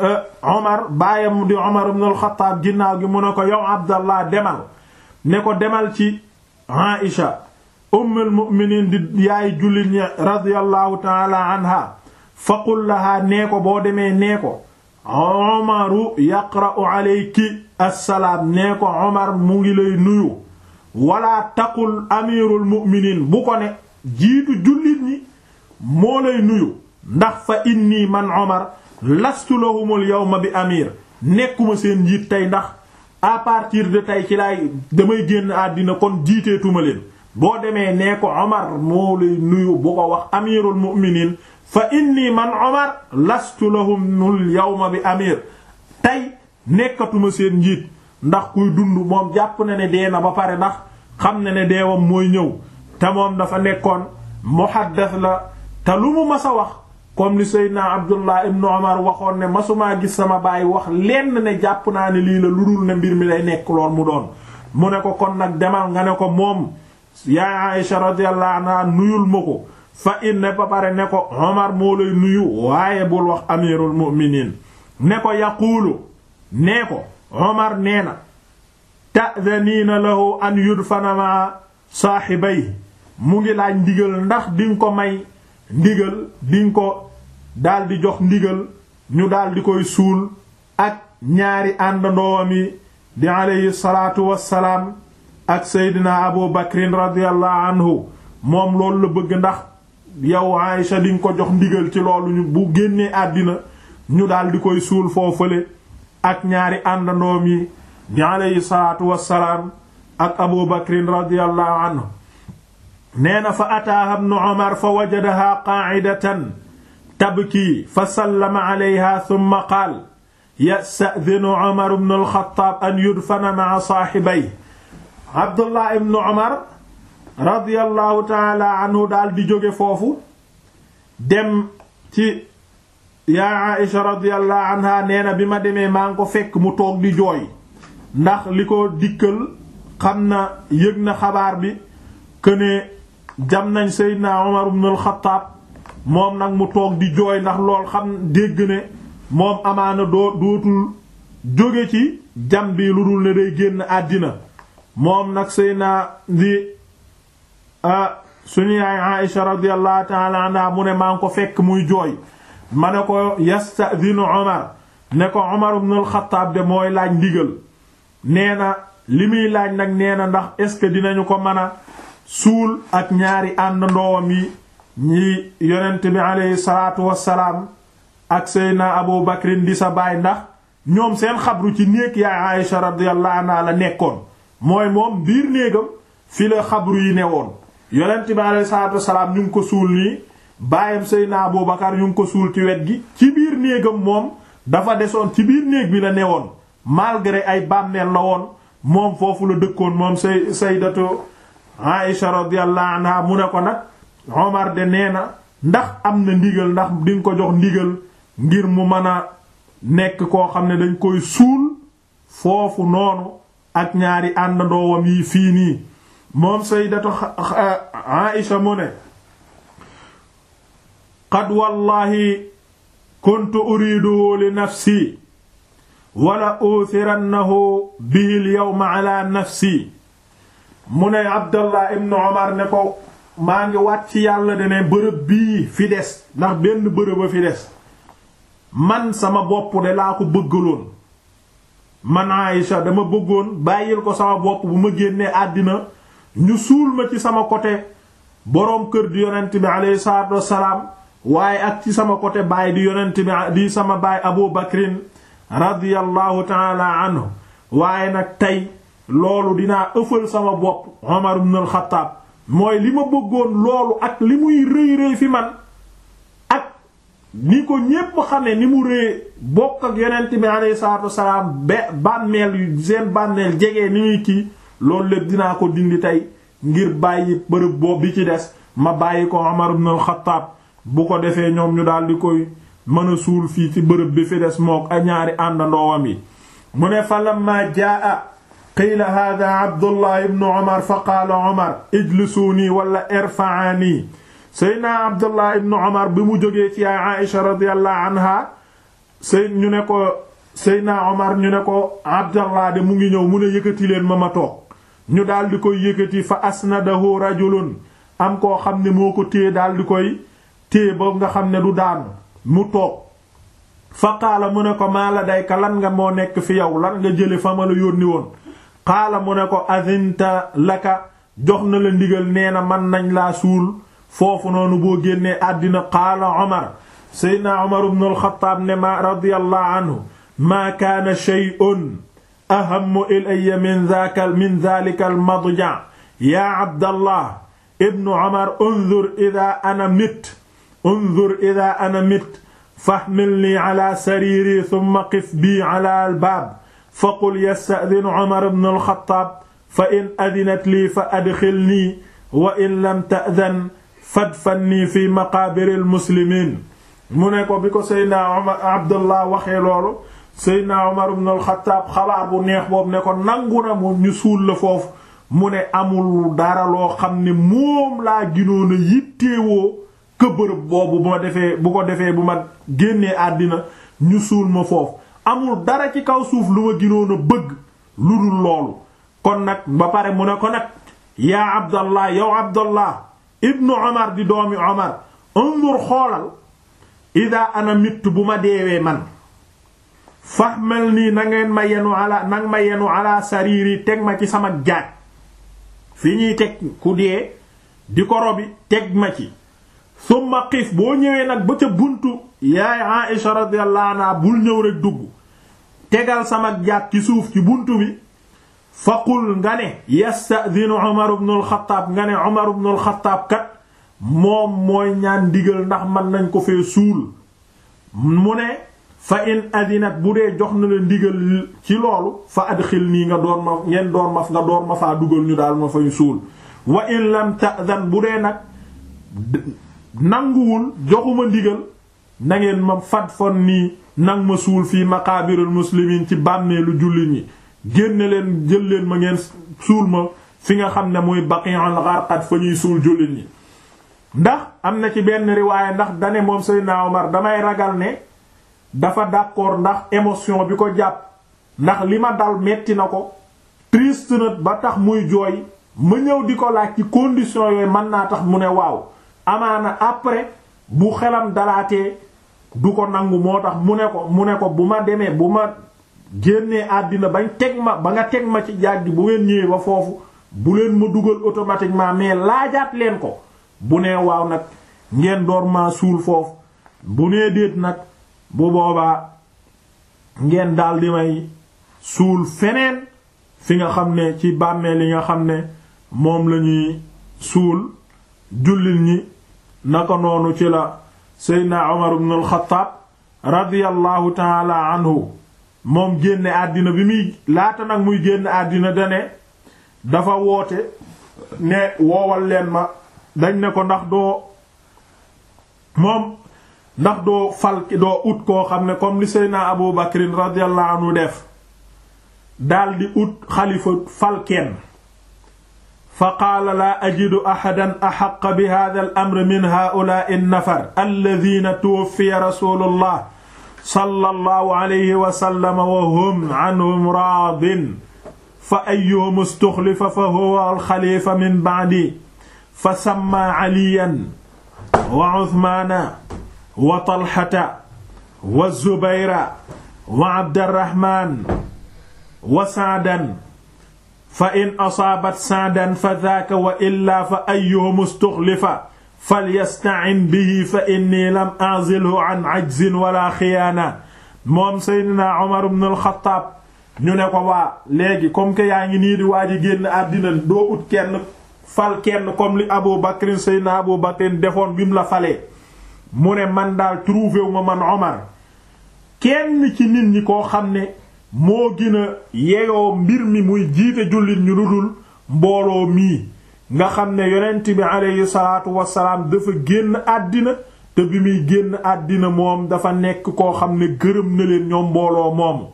Euh, Omar baayam di Omar ibn al-Khattab gi mu ne ko yow Abdallah demal ne ko demal ci Aïcha ummul mu'minin di yaay jullit ñi radiyallahu ta'ala anha faqul lahaa nee ko boo demee nee ko Omaru yaqra'u alayki assalaam nee ko Omar mu ngi lay nuyu wala taqul amirul mu'minin bu ko ne jiitu jullit ñi moo lay nuyu ndax fa inni man Omar lastu lahumul yawma bi amir nekkuma seen njiit tey ndax à partir de tey ci laay damay génn àddina kon jiiteetuma leen boo demee nee ko Omar moo lay nuyu bu ko wax amirul mu'minin fa inni man Omar lastu lahumul bi amir tey nekkatuma seen njiit ndax kuy dund moom jàpp na ne dee na ba pare ndax xam na ne deewam mooy ñëw te moom dafa nekkoon muhaddas la te lu mu mas a wax comme li naa Abdullah ibn Omar waxoon ne masumaa gis sama baay wax lenn ne jàpp naa ne lii la lu dul ne mbir mi lay nekk lool mu doon mu ne ko kon nag demal nga ne ko moom yaa Aïsha radiyallahu anha nuyul ma ko fa in ba pare ne ko Omar moo lay nuyu waaye bul wax amirul mu'minin ne ko yaquulu nee ko Omar nee na ta'dhaniina lahu an yudfana ma saahibayhi mu ngi laaj ndigal ndax dinga ko may ndigal diñ ko daldi jox ndigal ñu daldi koy suul ak ñaari àndandoowam yi di aleyhi salaatu wassalaam ak seydina abu bakrin radiyallahu anhu moom loolu la bëgg ndax yow Aïcha diñ ko jox ndigal ci loolu ñu bu génnee àddina ñu daldi koy suul foofale ak ñaari àndandoom yi di aleyhi salaatu wassalaam ak abu bakrin radiyallahu anhu nee na fa ataaha ibnu omar fa wajadahaa qaa'idatan tabkii fa sallama alayha thumma qaal yasta'dinu omar ibnu alxattaab an yudfana ma'a saahibayhi abdullah ibnu omar radiyallahu taala anhu daal di jóge foofu dem ci yaa Aïsha radiyallahu anha nee bi ma demee maa ngi ko fekk mu toog di jooy ndax li ko dikkal xam na yëg na xabaar bi këne jam nañ Seydina Omar ibn al moom nag mu toog di jooy ndax lool xam dégg ne moom amaana dootul jóge ci jam bi lu dul ne day génn àddina moom nag Seydina di suñu yaay Aïsha radiyallahu ta'ala anha mu ne maa ko fekk muy jooy ma ne ko yasta'dinu Omar ne ko de mooy laaj ndigal nee na li muy laaj nag nee na ndax est ce que dinañu ko mën a suul ak ñaari ànd ndoowam yi ñi yonent bi aleyhi salaatu wassalaam ak seyna abu bakrin di sa baay ndax ñoom seen xabru ci néeg yaay aïsha radiyallahu la nekkoon mooy moom biir néegam fi la xabru yi ne woon yonent bi aleyhi salaatu ñu ngi ko suul nii baayam seyna abu bakar ñu ngi ko suul ci wet gi ci biir néegam moom dafa desoon ci biir néeg bi la ne woon malgré ay bàmmeel la woon moom foofu la dëkkoon moom say saydatu Aïsha radiyallahu anha mu ne ko nag Omar de nee na ndax am na ndigal ndax di nga ko jox ndigal ngir mu mën nekk koo xam ne dañ koy suul foofu noonu ak ñaari àndandoowam yi fii nii moom sayyidatu Aïsha mu kuntu uriduhu li nafsi wala uthirannahu bihi al yawma ala nafsi mu ne Abdallah ibn Omar ne ko maa ngi waat ci yàlla dene bërëb bii fi des ndax benn bërëb a fi des man sama bopp de laa ko bëggaloon man Aïcha dama bëggoon bàyyil ko sama bopp bu ma génnee àddina ñu suul ma ci sama côté boroom kër di yonent bi aleyhi salaatu waaye ak ci sama côté baay di yonent bi di sama baay Abu Bakrin radiyallahu taala anhu waaye nag tey loolu dinaa ëffal sama bopp Omar ibn al mooy li ma bëggoon loolu ak li muy rëy rëy fi man ak ni ko ñépp xame ni mu rëy bokk ak yonent bi alayhi salaatu wasalaam ba bàmmeel yu seen bàmmeel jege ni muy kii loolu lépp dinaa ko dindi tey ngir bàyyi bërëb bi ci des ma bàyyi ko Omar ibn al-Khattab bu ko defee ñoom ñu daal di koy mën a suul fii ci bërëb bi fi des mook ak ñaari àndandoowam yi mu ne falam ma jaa qiila hada ibnu omar fa qaala omar ijlisuunii wala irfa'aanii seydna abdullah omar bi mu jógee ci ñu ne ko seydna ñu ne de mu ngi ñëw mu ne yëkkati leen ma ma toog ñu daal di koy yëkkati fa asnadahu rajulun am koo xam ne moo ko téye daal di koy téye ba nga xam ne du daanu mu toog fa qaala mu ne ko maa la dayka lan nga moo nekk fi yow lan nga jële fa ma la yónni woon qaala mu ne ko azinta laka jox na la ndigal nee na mën nañ laa suul foofu noonu boo génnee àddina qaala omar seydna omar ibn alxataab ne ma radiyallahu anhu maa kaana shay'un ahammu ilayya min dhaka min dhalika almadja yaa abdallah ibnu omar unzur ida ana mit unzur ida ana mit fahmilni ala sariri thumma qif bi ala albaab faqul yasta'dinu Umar ibn al fa in adinat lii fa adxilnii wa in lam ta'dan fadfannii fii maqaabiril muslimiin mu ne ko bi ko Seydina Umar Abdullah waxee loolu Seydina Umar ibn al-Khattab bu neex boobu ne ko nangu na mu ñu suul la foofu mu ne amul dara xam ne moom laa ginoon a yitteewoo këbërëb boobu bu ma bu ko defee bu ma génnee àddina ñu suul ma foofu amul dara ci kaw suuf lu ma ginoon bëgg lu dul loolu kon nag ba pare mu ne ko nag yaa abdallah yow abdallah ibnu omar di doomi omar undur xoolal ida ana mittu bu ma deewee man faxmel nii na ngeen ma yenu ala sariiri teg ma ci sama jaaj fi ñuy teg ku dee di ko robi teg ma ci summa xiif boo ñëwee nag ba ca buntu yaay Aisha radiyallahu anha bul ñëw rek dugg tegal sama jaat ci suuf ci bunt bi faqul nga ne yastadinu Umar ibn al-Khattab nga ne Umar ibn al kat moom mooy ñaan digal ndax man nañ ko fee suul mu ne fa in adinat bu dee jox na la ndigal ci loolu fa adxil nii nga door ma ngeen door ma nga door faa dugal ñu daal ma fay suul wa in lam ta'zan bu dee nag nanguwul joxuma ndigal na ngeen ma fad fon nii nang ma suul fii ma maqaabirul muslimiin ci bàmmeelu jullit yi génne leen jël leen ma ngeen suul ma fi nga xam ne muy baqi'ul gharqad fa ñuy suul jullit yi ndax am na ci benn riwaaye ndax dane moom sey Omar damay ragal ne dafa d'accord ndax émotion bi ko jàpp ndax li ma dal metti na ko triste na ba tax muy jooy ma ñëw di ko laaj ci condition yooyu mën naa tax mu ne waaw amaana après bu xelam dalaatee du ko nangu moo tax mu ne ko mu ne ko bu ma demee bu ma génnee àddina bañ teg ma ba nga teg ma ci jaaj bu ngeen ñëwee ba foofu bu leen mu dugal automatiquement mais laajaat leen ko bu nee waaw nag ngeen door ma suul foofu bu nee déet nag bu boobaa ngeen daal may suul feneen fi nga xam ne ci bàmmeel yi nga xam ne moom lañuy suul jullit ñi naka noonu ci la seydna omar ibn al-Khattab radiyallahu taala anhu moom génne àddina bi muy laata nag muy génn àddina dane dafa woote ne woowal leen ma dañ ne ko ndax doo moom ndax doo fal doo ut koo xam ne comme li seydna Abu Bakr radiyallahu anhu def daldi ut xalifa fal kenn faqaala laa ajidu ahadan axaqa bi hada al amr min haulaai nnafar alladina tuwaffiya rasulullah sallallahu alayhi wa sallam wa hum anhum raadin fa ayyuhum istuxlifa fa huwa alxalifa min ba'di fa samma caliyan wa usmaana wa talxata wa zubayra wa abdarahman wa saadan fa in asaabat sa'dan fa dhaaka wa illaa fa ayyuhum istukhlifa falyasta'in bihi fa inni lam a'zilhu an ajzin wala xiyaana moom Seydina Omar ibn al ñu ne ko waa léegi comme que yaa ngi nii di waa ji génn àddina doo ut kenn fal kenn comme li Abu Bakrin Seydina Abu Bakrin defoon bi la falee mu ne man daal trouvé man Omar kenn ci nit ñi koo xam ne moo gën a yeyoo mbir mi muy jiite jullit ñu ludul mbooloo mii nga xam ne yonent bi aleyhi salaatu dafa génn àddina te bi muy génn àddina moom dafa nekk koo xam ne gërëm na leen ñoom mbooloo moomu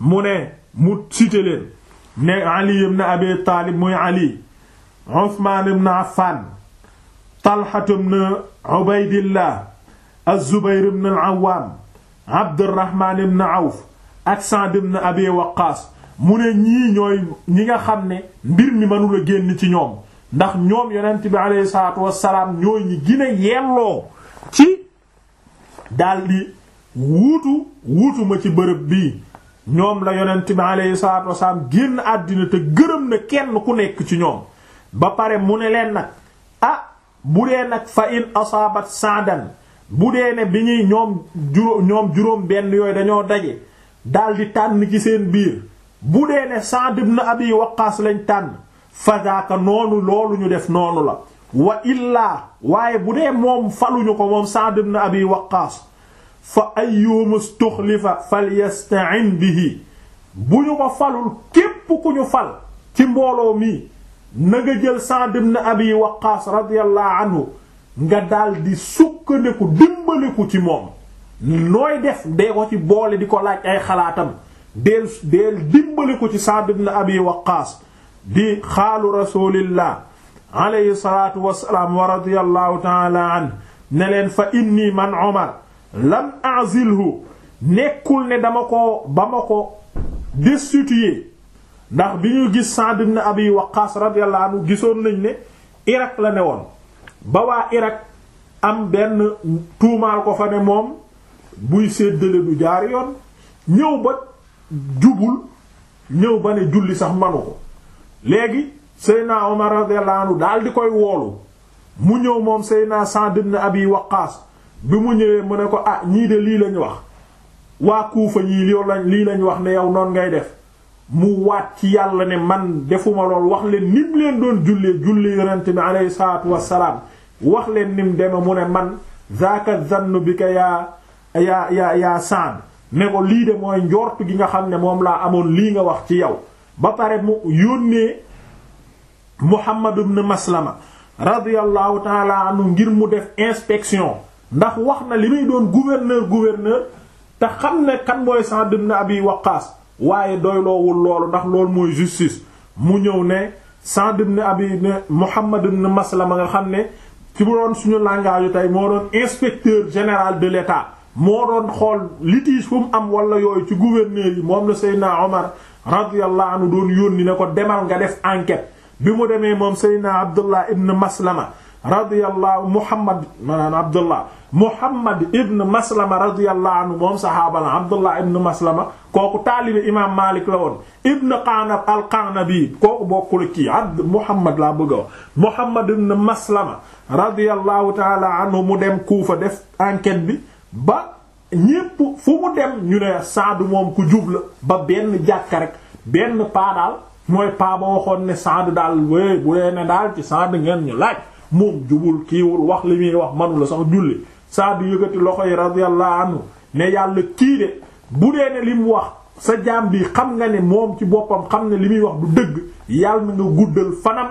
mu ne mu cité leen ne Ali ibn Abi Taalib muy Ali Usmaan ibn Affaan Talha ibn Ubaydillah Az-Zubayr ibn al-Awwaam Awf ak Sa'd ibn Abi Waqqas mu ne ñii ñooy ñi nga xam ne mbir mi mënula génn ci ñoom ndax ñoom yonent bi alayhi salaatu wassalaam ñooy ñi gën a yelloo ci daldi wuutu wuutu ci bërëb bii ñoom la yonent bi alayhi salaatu wassalaam génn àddina te gërëm na kenn ku nekk ci ñoom ba pare mu ne leen nag ah bu dee nag fa in asaabat sa'dan bu dee ne bi ñuy ñoom juróom benn yooyu dañoo daje daldi tànn ci seen biir bu dee ne Sa'd ibn Abi lañ tànn fadaaka noonu loolu ñu def noonu la wa illaa waaye bu dee moom faluñu ko moom Sa'd ibn Abi fa ayyuhum istukhlifa falyasta'in bihi bu ñu ko falul képp ku ñu fal ci mbooloo mi na jël Sa'd ibn Abi Waqqas radiyallahu anhu nga daldi sukkandiku dimbaliku ci moom nooy def dee ko ci boole di ko laaj ay xalaatam deel deel dimbali ko ci Sa'd ibn Abi Waqqaas di xaalu rasulillah alayhi salaatu wassalaam leen fa inni man Omar lam a'zilhu nekkul ne dama ko ba ma ko destitué ndax bi ñu gis Sa'd ibn Abi Waqqaas gisoon nañ ne Irak la ne woon ba waa Irak am benn tuumaal ko fa ne moom buy séddale du jaar yoon ñëw ba jubul ñëw ba ne julli sax manu ko léegi Seydina na radiyallahu anhu daal di koy woolu mu ñëw moom Seydina Sa'd ibn Abi Waqqas bi mu ñëwee mu ne ko ah ñii de lii lañ wax waa Kuufa ñii lii lañ wax ne yow noonu ngay def mu waat ci yàlla ne man defuma lool wax leen nim leen doon jullee julli yonent bi alayhi salaatu wassalaam wax leen nim deme mu ne man zaaka zannu yaa yaa yaa yaa Saad ne ko lii de mooy njort gi nga xam ne moom laa amoon lii nga wax ci yow ba pare mu yónnee Muhammad ibn Maslama radiyallahu taala anhu ngir mu def inspection ndax wax na li muy doon gouverneur gouverneur te xam ne kan mooy Saad ibn Abi Waqqas waaye doyloowul loolu ndax loolu mooy justice mu ñëw ne Saad ibn Abi Muhammad ibn Maslama nga xam ne ci bu doon suñu langage yu tey moo doon inspecteur général de l'État moo doon xool litige fu mu am wala yooyu ci gouverneur yi moom la Seydina Omar radiyallahu anhu doon yónni ne ko demal nga def enquête bi mu demee moom Seydina Abdullah ibn Maslama radiyallahu Muhammad maanaam Abdullah Muhammad ibn Maslama radiyallahu anhu moom saxaaba la Abdullah ibn Maslama kooku taalibe imaam Maalik la woon ibn Qanab al-Qanabi kooku bokkul kii abd Muhammad laa bëgg a wax Muhammad ibn Maslama radiyallahu taala mu dem Kuufa def enquête bi ba ñépp fu mu dem ñu ne saadu moom ku jub la ba benn jàkka rek benn paa mooy paa ba waxoon ne saadu daal wéy bu dee ne daal ci saadu ngeen ñu laaj moom jubul kiiwul wax li muy wax manu la sax julli saadu yëkkati loxo yi radiyallahu anhu ne yàlla kii de bu dee ne li wax sa jaam bi xam nga ne moom ci boppam xam ne li muy wax du dëgg yàlla nga guddal fanam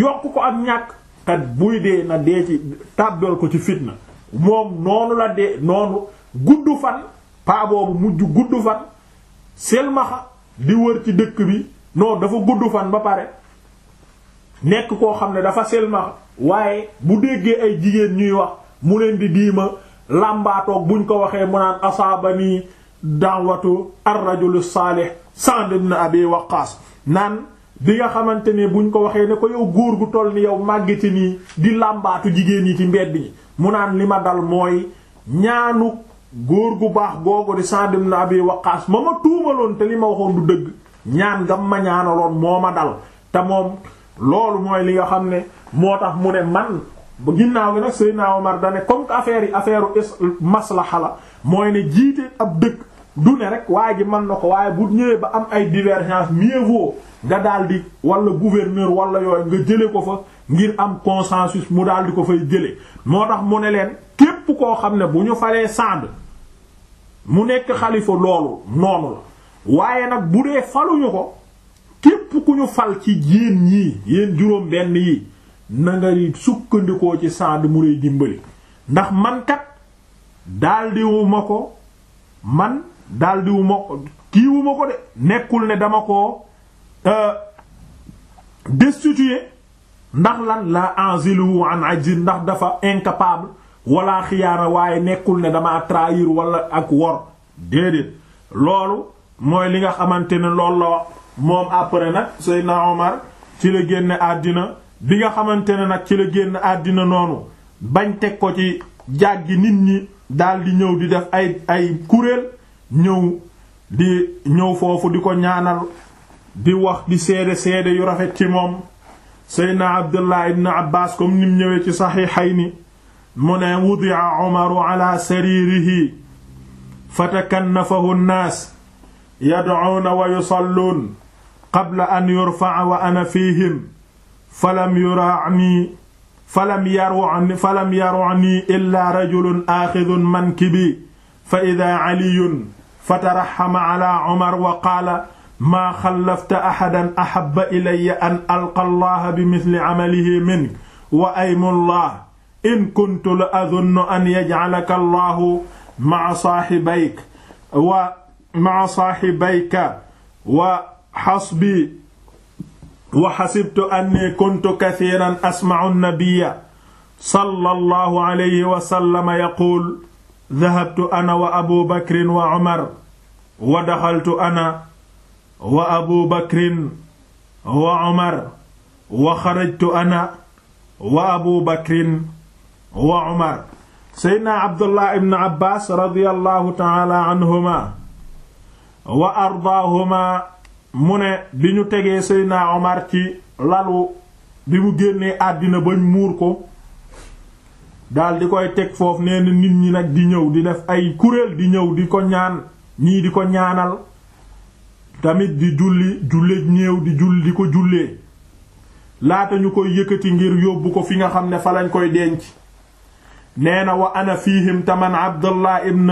yokk ko ak ñàkk kat buy dee na dee ci tàbbal ko ci fitna moom noonu la de noonu gudd fan paa boobu mujj gudd fan selmaxa di wër ci dëkk bi non dafa gudd fan ba pare nekk koo xam ne dafa selmaxa waaye bu déggee ay jigéen ñuy wax mu leen di diima làmbaatoog buñ ko waxee mu naan asaaba nii dawatu ar-rajul saalih Sa'd ibn Abi Waqqas naan bi nga xamante ne buñ ko waxee ne ko yow góor gu toll ni yow màggete nii di làmbaatu jigéen yi ci mbedd ñi mu naan li ma dal mooy ñaanu góor gu baax googu di Sa'd naa bi Waqqas ma ma tuumaloon te li ma waxoon du dëgg ñaan gam ma ñaanaloon moo ma dal te moom loolu mooy li nga xam ne moo tax mu ne man ginnaaw gi nag Seydina Omar da ne comme que affaire yi affaire u maslaha la mooy ne jiite ab dëkk du rek waa ji man na ko waaye bu ñëwee ba am ay divergence mieux vaut nga daal di wala gouverneur wala yooyu nga jële ko fa ngir am consensus mu daal di ko fay jële moo tax mu ne leen képp koo xam ne bu ñu falee sand mu nekk xalifa loolu noonu la waaye nag bu dee faluñu ko képp ku ñu fal ci yéen ñii yéen juróom benn yi na sukkandikoo ci sand mu lay dimbali ndax man kat daal ko man daldi wu ma ko de nekkul ne dama ko euh, destituer ndax lan la anzilu an ajir ndax dafa incapable wala xiyaana waaye nekkul ne dama trahir wala ak wor déedéet loolu mooy li nga xamante ne loolu la moom après nag Seydina Omar ci la génn àddina bi nga xamante ne nag ci la génn àddina noonu bañ teg ko ci jàggi nit ñi daldi ñëw di def ay ay kuréel ñëw di ñëw foofu di ko ñaanal di wax di seede seede yu rafet ci moom seydna abdullah ibn abbas comme nim ñëwee ci saxiixayni mu ne wudia omaru ala sariirihi fatakannafahu nnaas yad'uuna wa yusalluun qabla an yurfa'a wa ana fiihim falam yura'ni falam yaruni falam yaruni illaa rajulun aaxidun fa idaa caliyun fataraxama ala omar wa qaala maa xallafta ahadan ahaba ilaya an alqa allaha bi misli camalihi mink wa aymu llah in kuntu la adunnu an yajcalaka allahu maa saaxibayk wa maa saaxibayka wa xasbi wa xasibtu anni kuntu kasiiran asmacu nnabiya sallallahu alayhi wa sallam yaquul dahabtu ana wa abu bakrin wa omar wa daxaltu ana wa abu bakrin wa omar wa xarajtu ana wa abu bakrin wa omar seydna abdullah ibn abbas radiallahu taala anhuma wa ardaahuma mu ne bi ñu tegee seydna omar ci lalu bi mu génnee àddina bañ muur ko daal koy teg foofu nee na nit ñi nag di ñëw di def ay kuréel di ñëw di ko ñaan nii di ko ñaanal tamit di julli julleeg ñéew di julli di ko jullee laata ñu koy yëkkati ngir yóbbu ko fi nga xam ne fa koy denc nee na wa ana fiihim taman abdullah ibn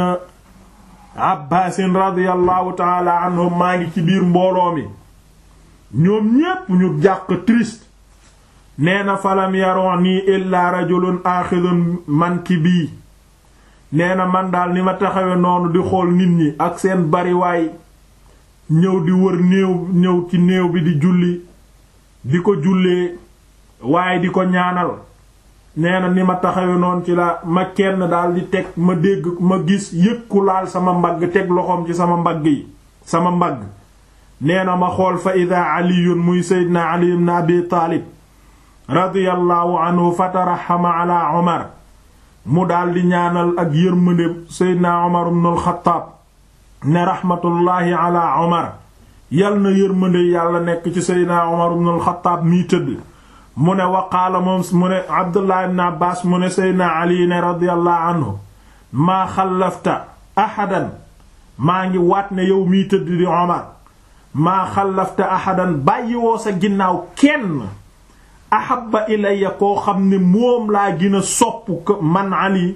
abbasin radiallahu taala anhum maa ngi ci biir mbooloo mi ñoom ñépp ñu jàq triste nee na falam yaron nii illaa rajulun aaxidun mankibi nee na man daal ni ma taxawe noonu di xool nit ñi ak seen bariwaay ñëw di wër néew ñëw ci néew bi di julli di ko jullee waaye di ko ñaanal nee na ni ma taxawe noonu ci la ma kenn daal teg ma dégg ma gis yëkku laal sama mbagg teg loxoom ci sama mbagg yi sama mbagg nee na ma xool fa ida aliyun muy seydina ali ibn abi taalib radiyallahu anhu fataraxama mu daldi ñaanal ak yërmande seydna omar ibn al-Xattaab ne raxmatullaahi ala omar yal na yërmande yàlla nekk ci seydna omar ibn al mii tëdd mu ne waqaala moom mu ne abdullah ibn abbas mu ne seydna ali ne radiyallahu anhu maa xallafta ahadan maa ngi waat ne yow mii tëdd di omar maa xallafta ahadan bàyyiwoo sa ginnaaw kenn ahabba ilayya koo xam ne moom laa gën a sopp man ali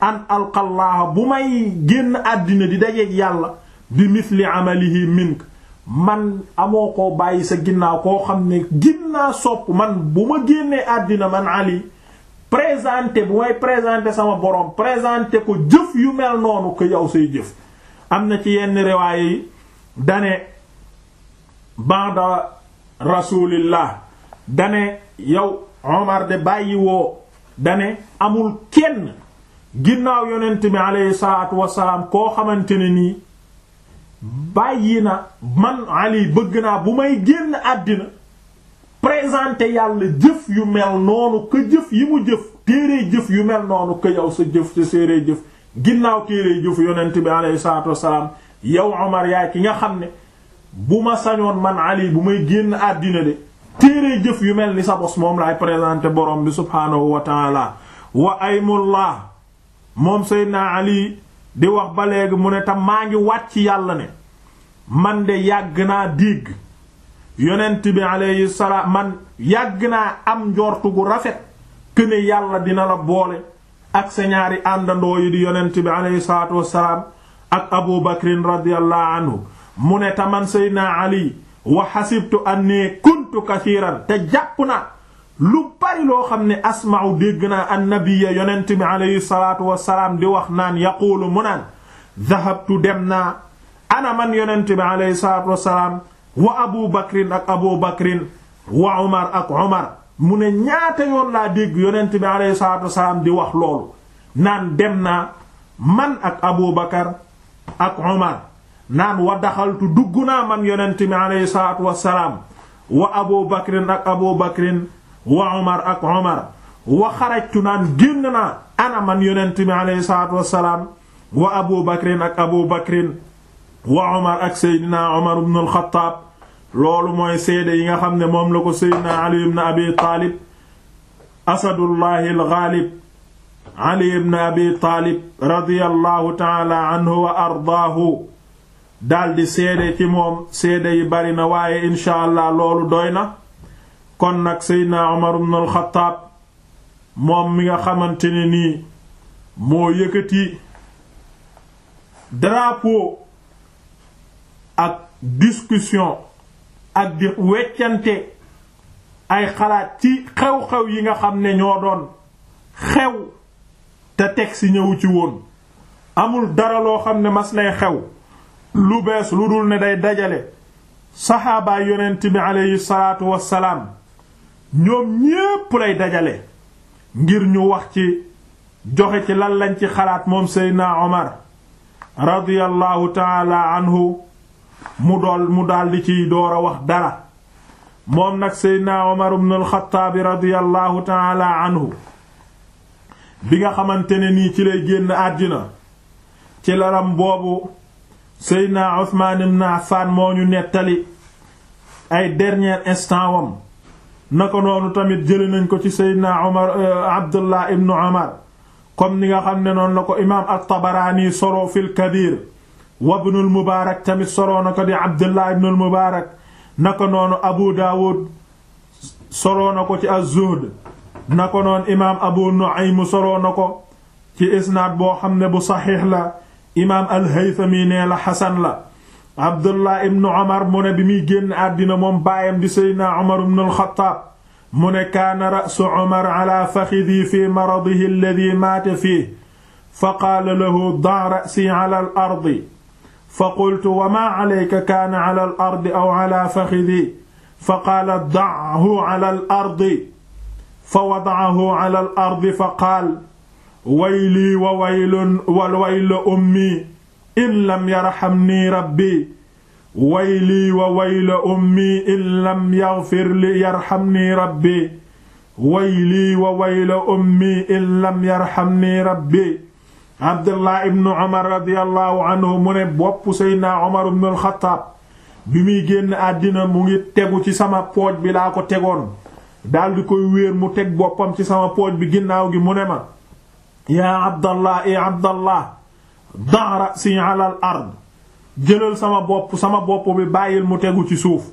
an alqallaaha bu may génn àddina di dajeeg yàlla bi mithli amalihi mink man amoo ko bàyyi sa ginnaaw koo xam ne ginnaa sopp man bu ma génnee àddina man ali présenté bu may présenté sama borom présenté ko jëf yu mel noonu ko yow say jëf am na ci yenn riwaaye yi dane ba'da rasulillah dane yow Omar de bàyyi dane amul kenn ginnaaw yonent bi aleyhi salaatu wasalaam koo xamante ne nii bàyyi na man Ali bëgg naa bu may génn àddina présenter yàlla jëf yu mel noonu que jëf yi mu jëf téere jëf yu mel noonu que yow sa jëf sa séere jëf ginnaaw téere jëf yonent bi aleyhi salaatu wasalaam yow Omar yaay ki nga xam ne bu ma sañoon man Ali bu may génn àddina de téere jëf yu mel ni sa moom laay présenté borom bi subhaanahu wa taala wa aymullah moom seydna ali di wax ba léegi mu ne tam maa ngi wàcc yàlla ne man de yàgg naa dégg yonent bi alayhi man yàgg naa am njortu gu rafet këne yàlla dina la boole ak sa ñaari àndandoo yi di yonent bi alayhi salaatu wassalaam ak abu bakrin radiyallahu anhu mu ne taman seydna ali wa xasibtu anni te jàpp na lu bari loo xam ni asma'u dégg naa annabiya yonent bi alayhi salaatu wasalaam di wax naan yaquulu mu naan dhahabtu dem naa ana man yonent bi alayhi salaatu wasalaam wa abu ak abu wa umar ak umar mu ne ñaata yon laa dégg yonent bi alayhi salaatu wasalaam di wax loolu naan dem naa man ak abu ak umar naan wa daxaltu dugg naa man yonent bi alayhi salaatu wasalaam wa abu bakrin ak abu bakrin wa omar ak omar wa xarajtu naan génn naa ana man yonent bi aleyhi salaatu wassalaam wa abu bakrin ak abu bakrin wa omar ak seydina omar ibn al-Xattaab loolu mooy seede yi nga xam ne moom la ko seydina ali ibn abi taalib asadullahi al-gaalib ali ibn abi taalib radiyallahu taala anhu wa ardaahu daldi seede ci moom seede yi bari na waaye incha allah loolu doy na kon nag seydna Umar ibn al moom mi nga xamante ne nii moo yëkkati drapeau ak discussion ak di weccante ay xalaat ci xew-xew yi nga xam ne ñoo doon xew te teg ci ñëwu ci woon amul dara loo xam ne mas nay xew lu bees lu dul ne day dajale saxaabaay yonent bi aleyhi salaatu wassalaam ñoom ñépp lay dajale ngir ñu wax ci joxe ci lan lañ ci xalaat moom seydna omar radiyallahu taala anhu mu dool mu daldi ciy door wax dara moom nag seydna omar ibn al-Khattab radiyallahu anhu bi nga xamante ne nii ci lay génn àddina ci laram boobu Seydina Othman ibn Affan moo ñu nettali ay dernier instant wam na noonu tamit jële nañ ko ci Seydina Omar euh, Abdullah ibn Omar comme ni nga xam ne noonu la ko imaam at-Tabarani soro fil Kabir wa ibn al-Mubarak tamit soro na ko di Abdullah ibn al-Mubarak na noonu Abu Dawud soro na ci az-Zuhd na imaam Abu Nu'aym soro na ci isnaad boo xam ne bu saxiix la imaam al-Haythami nee la xasan la Abdullah ibn Omar mu ne bi muy génn àddina moom baayam di Seydina Omar ibn al-Khattab mu ne kaana ra'su Omar ala fakhidhi fi maradihi alladhi maata fihi fa qaala lahu da' ra'si ala al-ardi fa qultu wa maa alayka kaana ala al-ardi aw ala fakhidhi fa qaala da'hu ala al-ardi fa wada'ahu ala al-ardi fa qaala waylii wa waylun wa ummi in lam yarhamni rabbi waylii wa waylu ummi in lam yaghfir li yarhamni rabbi waylii wa waylu abdullah ibnu omar radiallahu mu ne bopp seydna omar ibnu alxataab bi muy génn àddina mu ngi tegu ci sama pooj bi laa ko tegoon daldi koy wéer mu teg boppam ci sama pooj bi ginnaaw gi mu ne ma ya abdallah i eh abdallah da' ra'si ala ard jëlal sama bopp sama bopp bi bàyyil mu tegu ci suuf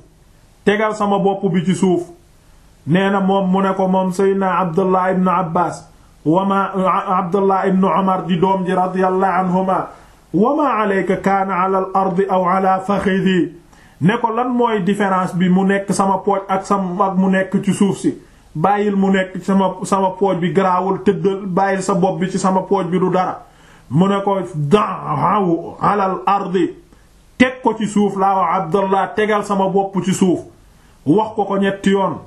tegal sama bopp bi ci suuf nee na moom mu ne ko moom seydna abdullah ibnu abbas wama abdullah ibnu omar di doom ji radiyallahu anhuma wama aleyka kaana ala al ardi ala faxidi ne ko lan mooy différence bi mu nekk sama pooj ak sama ak mu nekk ci suuf si bàyyil mu nekk sama sama pooj bi garaawul tëddal bàyyil sa bopp bi ci sama pooj bi du dara mu ne ko daawu alal ardi teg ko ci suuf laa wa abdallah tegal sama bopp ci suuf wax ko ko ñetti yoon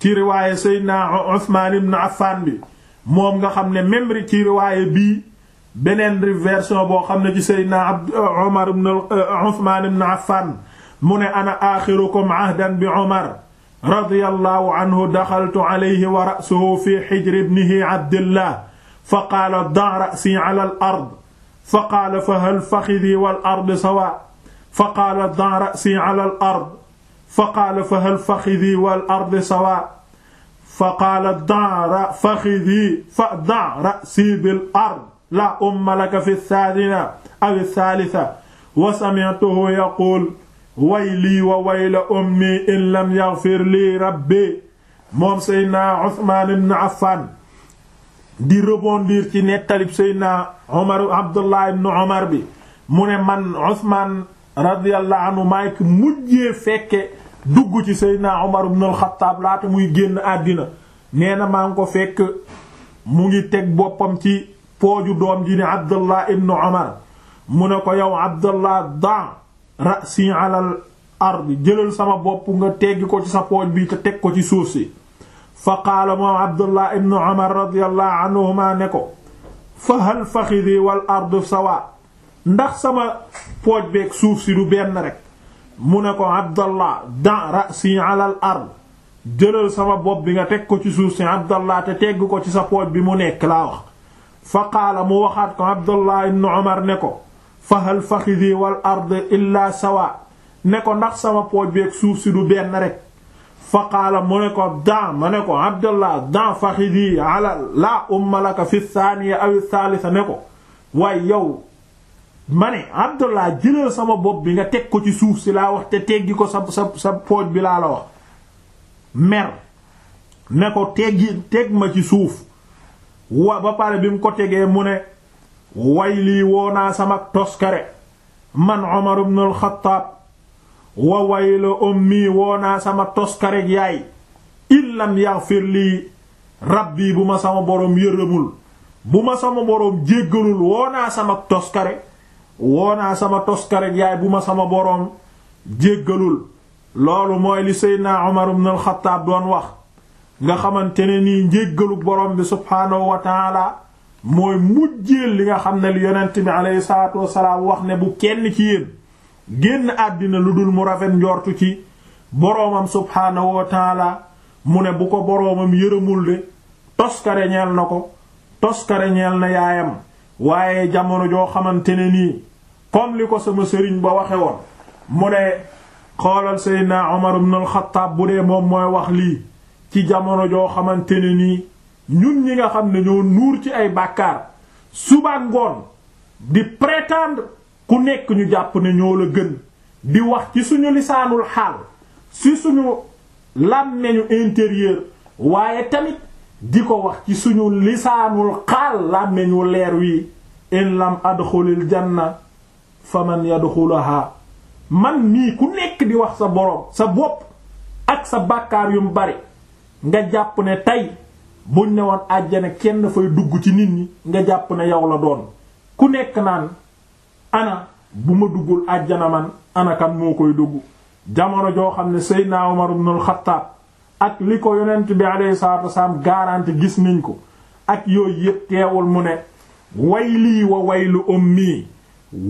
ci riwaaye seydna Usmaan ibn Affan bi moom nga xam ne même ri ci riwaaye bii beneen version boo xam ne ci seydna Umar ibn Usmaan mu ne ana axirukum ahdan bi Umar radiyallahu anhu daxaltu alayhi wa ra'suhu fi hijri ibnihi abdillah fa qaala da' ra'si ala al-ard fa qaala fa hal fakhidhi wal ard sawa fa qaala da' ra'si ala al-ard fa qaala fa hal fakhidhi wal ard sawa fa qaala da' fakhidhi fa da' ra'si bil ard laa umma laka fi ath-thaniya aw ath-thalitha wa sami'tuhu yaqul waylii wa wayla ummi in lam lii rabbi moom seydna Usmaan ibn Affan di rebondir ci nettalib seydna Omar Abdullah bi mu ne man Usmaan radiyallahu anhu maa fekke dugg ci seydna Omar ibn al-Khattab muy génn àddina nee na ko fekk mu ngi teg boppam ci pooju doom ji ni Abdullah mu ne ko yow Abdullah da rasi alal ardi jëlal sama bopp nga teg ko ci sa pooj bi te teg ko ci suuf si fa qaala moom abdullah ne ko fa hal ndax sama pooj beeg suuf si du benn rek mu ne ko abdallah dan rasi alal jëlal sama bopp bi nga teg ko ci suuf si abdallah ko ci sa pooj bi mu nekk laa wax waxaat ko abdullah ibnu omar ne ko fahal faxidi wal ard illa sawa ne ko ndax sama pooj beeg suuf si du benn rek fa qaala mu ne ko dan ma ne ko abdallah dan faxidi ala laa umma laka fi thaniya aw thalitha ne ko waaye yow ma ne abdallah jëlal sama bopp bi nga teg ko ci suuf si laa wax te teggi ko sa sa sa pooj bi laa la wax mer ne ko teggi teg ma ci suuf wa ba pare bi mu ko tegee mu ne way lii woonaa sama toskare man Umar ibn al-Khattab wa wayla ummi woonaa sama toskareg yaay illam yaghfir lii rabbi bu ma sama boroom yërëmul bu ma sama boroom jéggalul woonaa sama toskare woonaa sama toskareg yaay bu ma sama boroom jéggalul loolu mooy li Seydina Umar ibn al-Khattab doon wax nga xamante ne nii jéggalu boroom bi subhaanahu wa mooy mujjeel li nga xam ne li yonent bi alayhi salaatu wasalaam wax ne bu kenn ci yéen génn àddina lu dul mu rafet njortu ci boroomam subhaanahu mu ne bu ko boroomam yërëmul de toskare ñeel na ko toskare ñeel na yaayam waaye jamono joo xamante ne nii comme li ko sama sëriñ ba waxe woon mu ne xoolal Seydina Omar ibn al-Khattab bu dee moom mooy wax lii ci jamono joo xamante ne nii ñun ñi nga xam ne ñoo nuur ci ay bàkkaar suba ngoon di pretànd ku nekk ñu jàpp ne ñoo la gën di wax ci suñu lisaanul xaal si suñu làmmeñu intérieur waaye tamit di ko wax ci suñu lisaanul xaal làmmeñu leer wi in lam adxulil janna faman yadxulaha man mii ku nekk di wax sa boroom sa bopp ak sa bàkkaar yum bari nga jàpp ne tey buñ ne woon àjjana kenn fay dugg ci nit ñi nga jàpp ne yow la doon ku nekk naan ana bu ma duggul àjjana man ana kan moo koy dugg jamono joo xam ne Seydina Umar ibn al-Khattab ak li ko yonent bi alayhi salaatu wasalaam gis niñ ko ak yooyu yépp mu ne waylii wa waylu ummi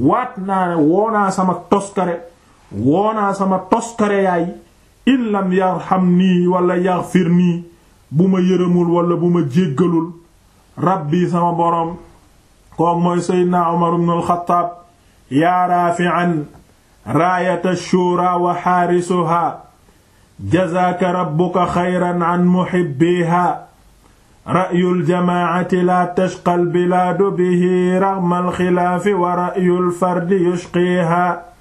waat naa ne woonaa sama toskare woonaa sama toskare yaay in lam yarham nii wala yaghfir nii bu ma yërëmul wala bu ma jéggalul rabbi sama boroom kook mooy seydna Umar ibn al-Khattab yaa raafi'an raayata shura wa xaarisuha jazaaka rabbuka xayran an muhibbiha ra'yul jamaacati laa tashqal bilaadu bihi raghmal xilaafi wa ra'yul fardi yushqiha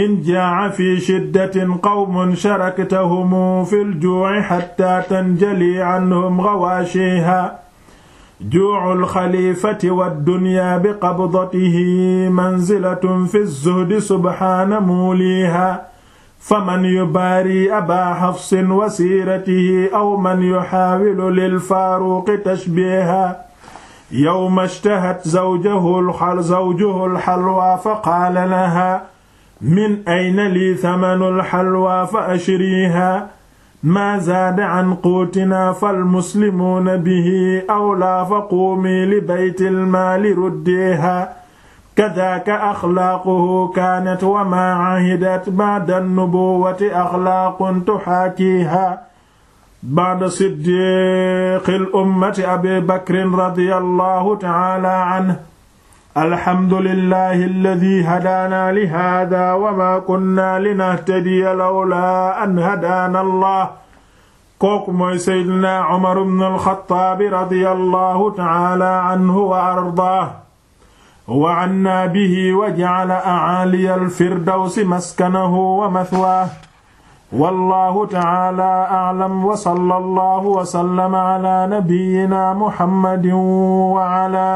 in jaa fi shiddatin qawmun sharaktahum fi ljuuci xatta tanjali canhum gawaashiha juucu lxalifati waddunya biqabdatihi manzilatun fi zuhdi subxaana muuliha faman yubaari abaa xafsin wasiiratihi aw man yuxaawilu lilfaaruqi tashbiiha yowma ishtahat zawjuhu lxalwaa faqaala laha min ayna lii thamanul xalwa fa ashriha maa zaada an qóotinaa fal muslimuuna bihi awlaa fa quumi li baytil maali ruddeeha kadaaka axlaaquhu kaanat wa maa cahidat bacda nubuwati axlaaqun tuxaakiiha bacda siddiiqil ummati abi bakrin radiyallahu tacaala canhu alhamdulillahi alladi hadaana li hada wa ma kunna linahtadiya lawla an hadaana allah kooku mooy seydina Umar ibn al-Khattab radiyallahu ta'ala anhu wa ardaah wa anna bihi wa ja'ala a'aliya al-firdawsi maskanahu wa mathwaah wallahu ta'ala a'lam wa sallallahu wa sallama ala nabiyyina Muhammadin wa ala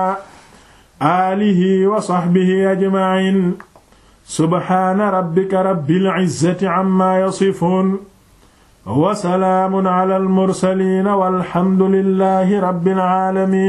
aalihi wa saxbihi ajmaciin subxaana rabbika rabbil cizzati cammaa yasifuun wa salaamun calal mursaliin walhamdu lillaahi rabbil caalamiin